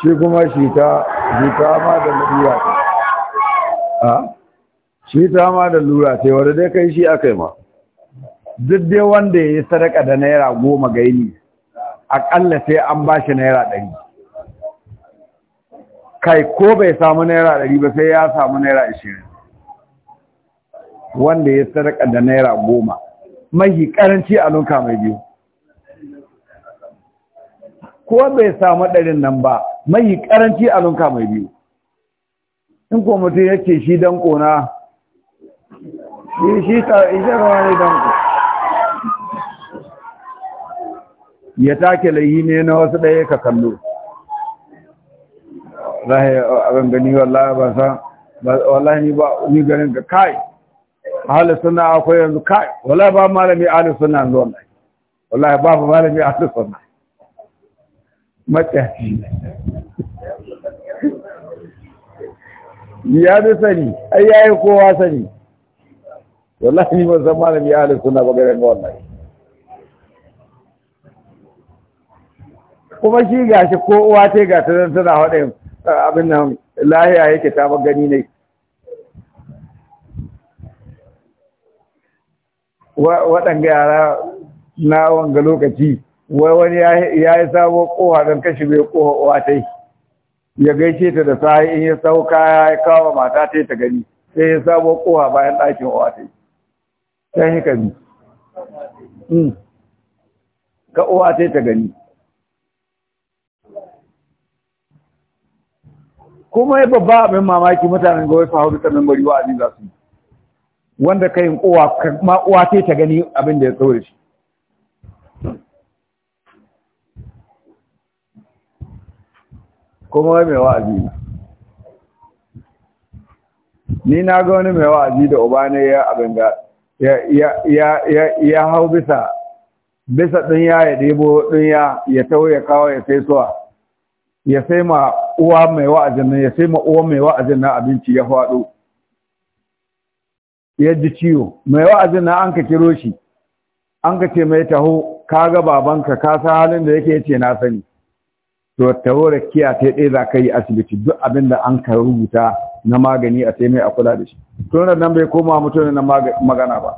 shi kuma shi ta shi ta ma da lura ta a ah? shi ta ma da lura ta wanda dai kai shi aka yi ma duk dai wanda ya yi sadaka da naira goma ga yini aƙalla sai an ba shi naira ɗari kai ko bai samu naira ɗari ba sai ya samu naira ashirin wanda ya sadaka da naira goma mahi ƙaranci a nuka mai biyu ko bai samu ɗarin nan ba mahi ƙaranci a nuka mai biyu in ko mutum ya ce shi don ƙona shi shi ta ishe rawa ne don ƙona ya take layi ne na wasu ɗaya ka kallo rahe abin gani wallahi ba sa wallahi ni ba ni ganin ka kai ahli sunna akwai yanzu kai wallahi ba malami ahli sunna yanzu wallahi wallahi ba malami ahli sunna mata ya bi sani ai yayi kowa sani wallahi ni ba san malami ahli sunna ba ga wallahi kuma shi ga shi ko uwa ce ga ta zan tana haɗe abin nan lahiya yake ta gani ne waɗanga yara na wanga lokaci wai wani ya yi sabo kowa don kashi mai kowa uwa ta ya gaishe ta da sahi in ya sauka ya kawo mata ta ta gani sai ya sabo kowa bayan ɗakin uwa ta ta yi ka bi hmm. ka uwa ta ta gani kuma ya babba abin mamaki mutanen wai fa haudu sanin wa wa'azi za su yi wanda kai uwa ma uwa sai ta gani abin da ya tsore shi kuma wai mai wa'azi na ni na ga wani mai wa'azi da uba ne ya abin da ya hau bisa bisa ɗin ya ya ɗebo ɗin ya ya ya kawo ya sai suwa ya sai ma uwa mai wa'azin nan ya sai ma uwa mai wa'azin nan abinci ya faɗo ya ji ciwo mai wa'azin nan an ka kiro shi an ka ce mai taho ka ga babanka ka san halin da yake yace na sani to taho kiya ta ɗaya za ka yi asibiti duk abin da an ka rubuta na magani a sai mai a kula da shi to nan bai koma mutum na magana ba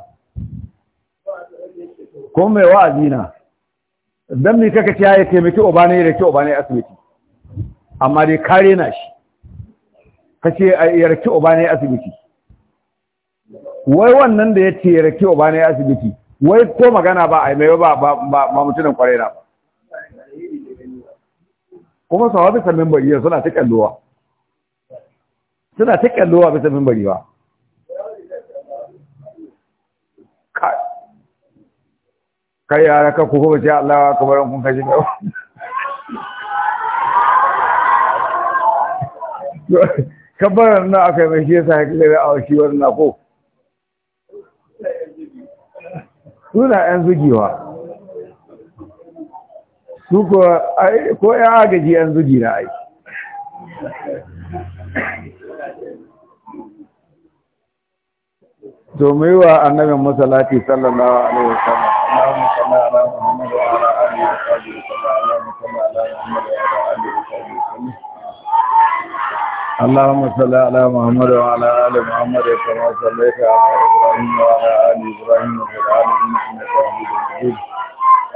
Kuma mai wa'azi na dan me kaka ce ya taimaki obane da ke obane asibiti amma dai kare na shi ka ce ya raki uba asibiti wai wannan da ya ce ya raki uba asibiti wai ko magana ba a yi mai ba ba mutunan kwarai na ba kuma sawa bisa mimbari suna ta kalluwa suna ta kalluwa bisa membari ba kai yara ka kuma ce Allah kuma ran kun kashi ne. (laughs) kabbaran na aka mai shi yasa ya da a shi wani na suna yan zugewa su ko yan agaji yan zugi na aiki to yi wa annabin masalati sallallahu alaihi wasallam اللهم صل على محمد وعلى ال محمد كما صليت على ابراهيم وعلى ال ابراهيم في العالمين انك حميد مجيد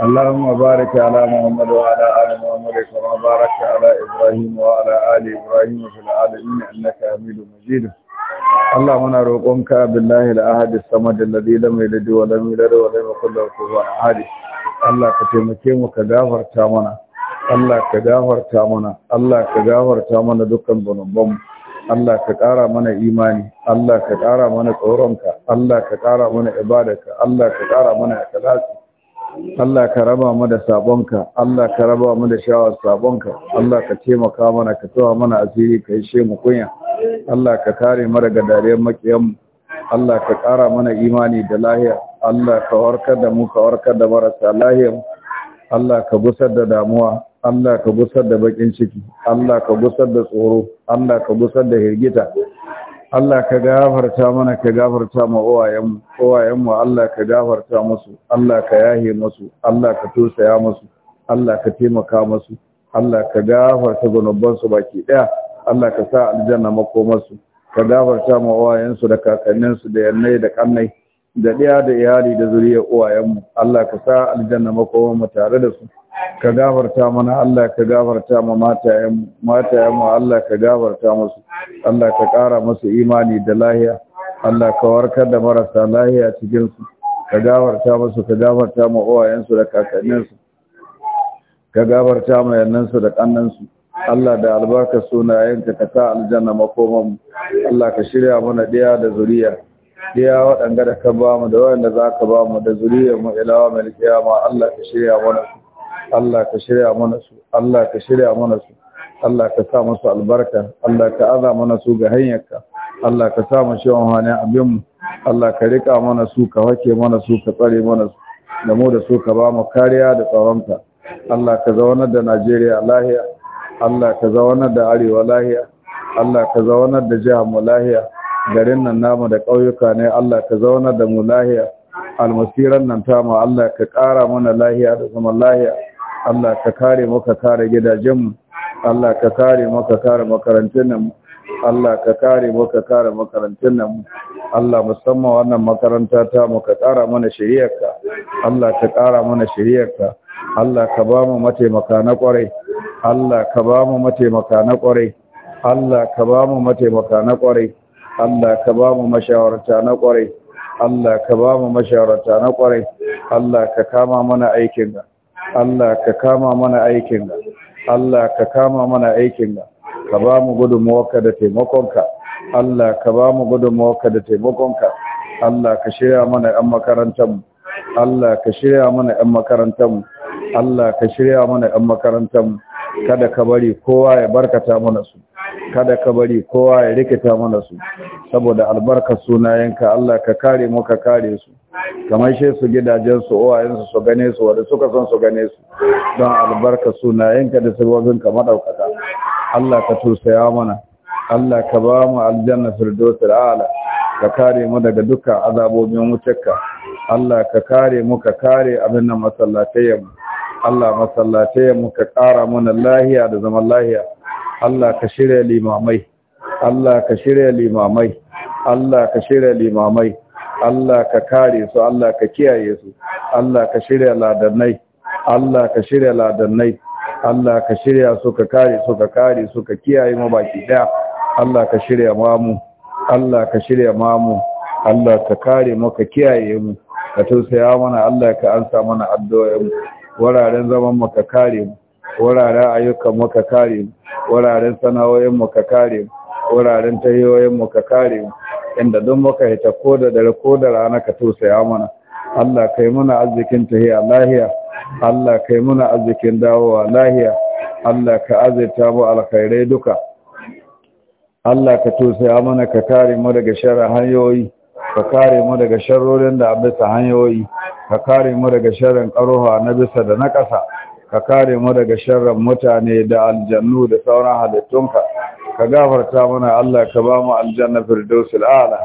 اللهم بارك على محمد وعلى ال محمد كما باركت على ابراهيم وعلى ال ابراهيم في العالمين انك حميد مجيد اللهم انا نروقك بالله الاحد الصمد الذي لم يلد ولم يولد ولم يكن له كفوا احد الله ka taimake mu ka gafarta mana Allah ka gafarta mana Allah ka gafarta mana dukkan zunubanmu Allah ka ƙara mana imani Allah ka ƙara mana tsoronka Allah ka ƙara mana ibadarka Allah ka ƙara mana ikhlasi Allah ka raba mu da sabonka Allah ka raba mu da shawar sabonka Allah ka taimaka mana ka tawa mana asiri ka ishe mu kunya Allah ka kare mu daga dariyar makiyan Allah ka ƙara mana imani da lahiya Allah ka warkar da mu ka warkar da marasa lahiya Allah ka gusar da damuwa Allah ka gusar da bakin ciki Allah ka gusar da tsoro Allah ka gusar da hirgita Allah ka gafarta mana ka gafarta ma uwayenmu, uwayenmu Allah ka gafarta musu Allah ka yahe musu Allah ka tusaya musu Allah ka taimaka musu Allah ka gafarta gunuban su baki daya Allah ka sa aljanna masu ka gafarta ma uwayensu da kakanninsu da yannai da kannai da ɗaya da iyali da zuriyar uwayenmu Allah ka sa aljanna makoman tare da su ka gafarta mana Allah ka gafarta ma matayen matayenmu Allah ka gafarta musu Allah ka ƙara musu imani da lahiya Allah ka warkar da marasa lahiya cikin su ka gafarta musu ka gafarta ma uwayensu da kakanninsu ka gafarta ma yannansu da ƙannansu Allah da albarka sunayenka ka sa aljanna makoman Allah ka shirya mana ɗaya da zuriya ya waɗanga da ka ba mu da wayanda za ka ba mu da zuriyar mu ilawa mai kiyama Allah ka shirya mana su Allah ka shirya mana su Allah ka shirya mana su Allah ka sa musu albarka Allah ka aza mana su ga hanyarka Allah ka sa mu shiwon hannun abin mu Allah ka rika mana su ka wake mana su ka tsare mana su da mu da su ka ba mu kariya da tsaronka Allah ka zaunar da Najeriya lahiya Allah ka zaunar da Arewa lahiya Allah ka zaunar da jihar mu lahiya garin nan namu da ƙauyuka ne Allah ka zauna da mu lahiya almasiran nan tamu Allah ka ƙara mana lahiya da zaman lahiya Allah ka kare mu ka kare gidajenmu Allah ka kare mu ka kare makarantun nan Allah ka kare mu ka kare makarantun nan Allah musamman wannan makaranta ta mu ka ƙara mana shiriyarka Allah ka ƙara mana shiriyarka Allah ka ba mu mataimaka na ƙwarai Allah ka ba mu mataimaka na ƙwarai Allah ka ba mu mataimaka na ƙwarai Allah ka ba mu mashawarta na ƙwarai. Allah ka ba mu mashawarta na ƙwarai. Allah ka kama mana aikin ga Allah ka kama mana aikin ga Allah ka kama mana aikin ga ka ba mu gudunmuwarka da taimakonka Allah ka ba mu gudunmuwarka da taimakonka Allah ka shirya mana makarantar makarantarmu Allah ka shirya mana makarantar mu. Allah ka shirya mana makarantar makarantarmu kada ka bari kowa ya barkata mana su kada ka bari kowa ya rikita mana su saboda albarkar sunayenka Allah ka kare mu ka kare su kamar shi su gidajen su uwayensu su gane su wanda suka son su gane su don albarkar sunayenka da sabobin ka madaukaka Allah ka tusaya mana Allah ka ba mu aljanna firdausul a'la ka kare mu daga dukkan azabobin wutarka Allah ka kare mu ka kare abin nan masallatai mu Allah masallatai mu ka kara mana lahiya da zaman lahiya Allah ka shirya limamai Allah ka shirya limamai Allah ka shirya limamai Allah ka kare su Allah ka kiyaye su Allah ka shirya ladannai Allah ka shirya ladannai Allah ka shirya su ka kare su ka kare su ka kiyaye mu baki daya Allah ka shirya mamu Allah ka shirya mamu Allah ka kare mu ka kiyaye mu ka tausaya mana Allah ka ansa mana addu'a mu wuraren zaman mu ka kare mu wuraren ayyukan muka ka kare wuraren sana'o'in muka ka kare wuraren tayoyin muka ka kare inda duk muka hita ko da dare ko da rana ka tosaya mana Allah kai muna arzikin tahiya lahiya Allah kai muna arzikin dawowa lahiya Allah ka azirta mu alkhairai duka Allah ka tosaya mana ka kare mu daga sharrin hanyoyi ka kare mu daga sharrorin da bisa hanyoyi ka kare mu daga sharrin karuwa na bisa da na ƙasa ka kare mu daga sharrin mutane da aljannu da sauran halittunka ka gafarta mana Allah ka ba mu aljanna firdausul a'la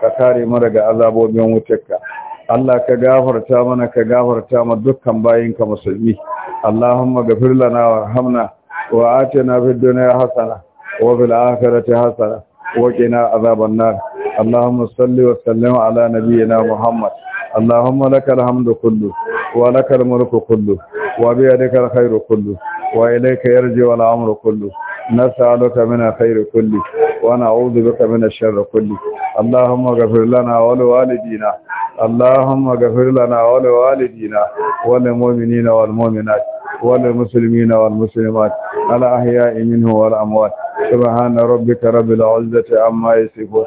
ka kare mu daga azabobin wutarka Allah ka gafarta mana ka gafarta mu dukkan bayinka musulmi Allahumma ghafir lana warhamna wa atina fid dunya hasana wa fil akhirati hasana wa qina azaban nar Allahumma salli wa sallim ala nabiyyina Muhammad اللهم لك الحمد كله ولك الملك كله وبيدك الخير كله وإليك يرجع الأمر كله نسألك من الخير كله ونعوذ بك من الشر كله اللهم اغفر لنا ولوالدينا اللهم اغفر لنا ولوالدينا وللمؤمنين والمؤمنات وللمسلمين والمسلمات الأحياء منه والأموات سبحان ربك رب العزة عما يصفون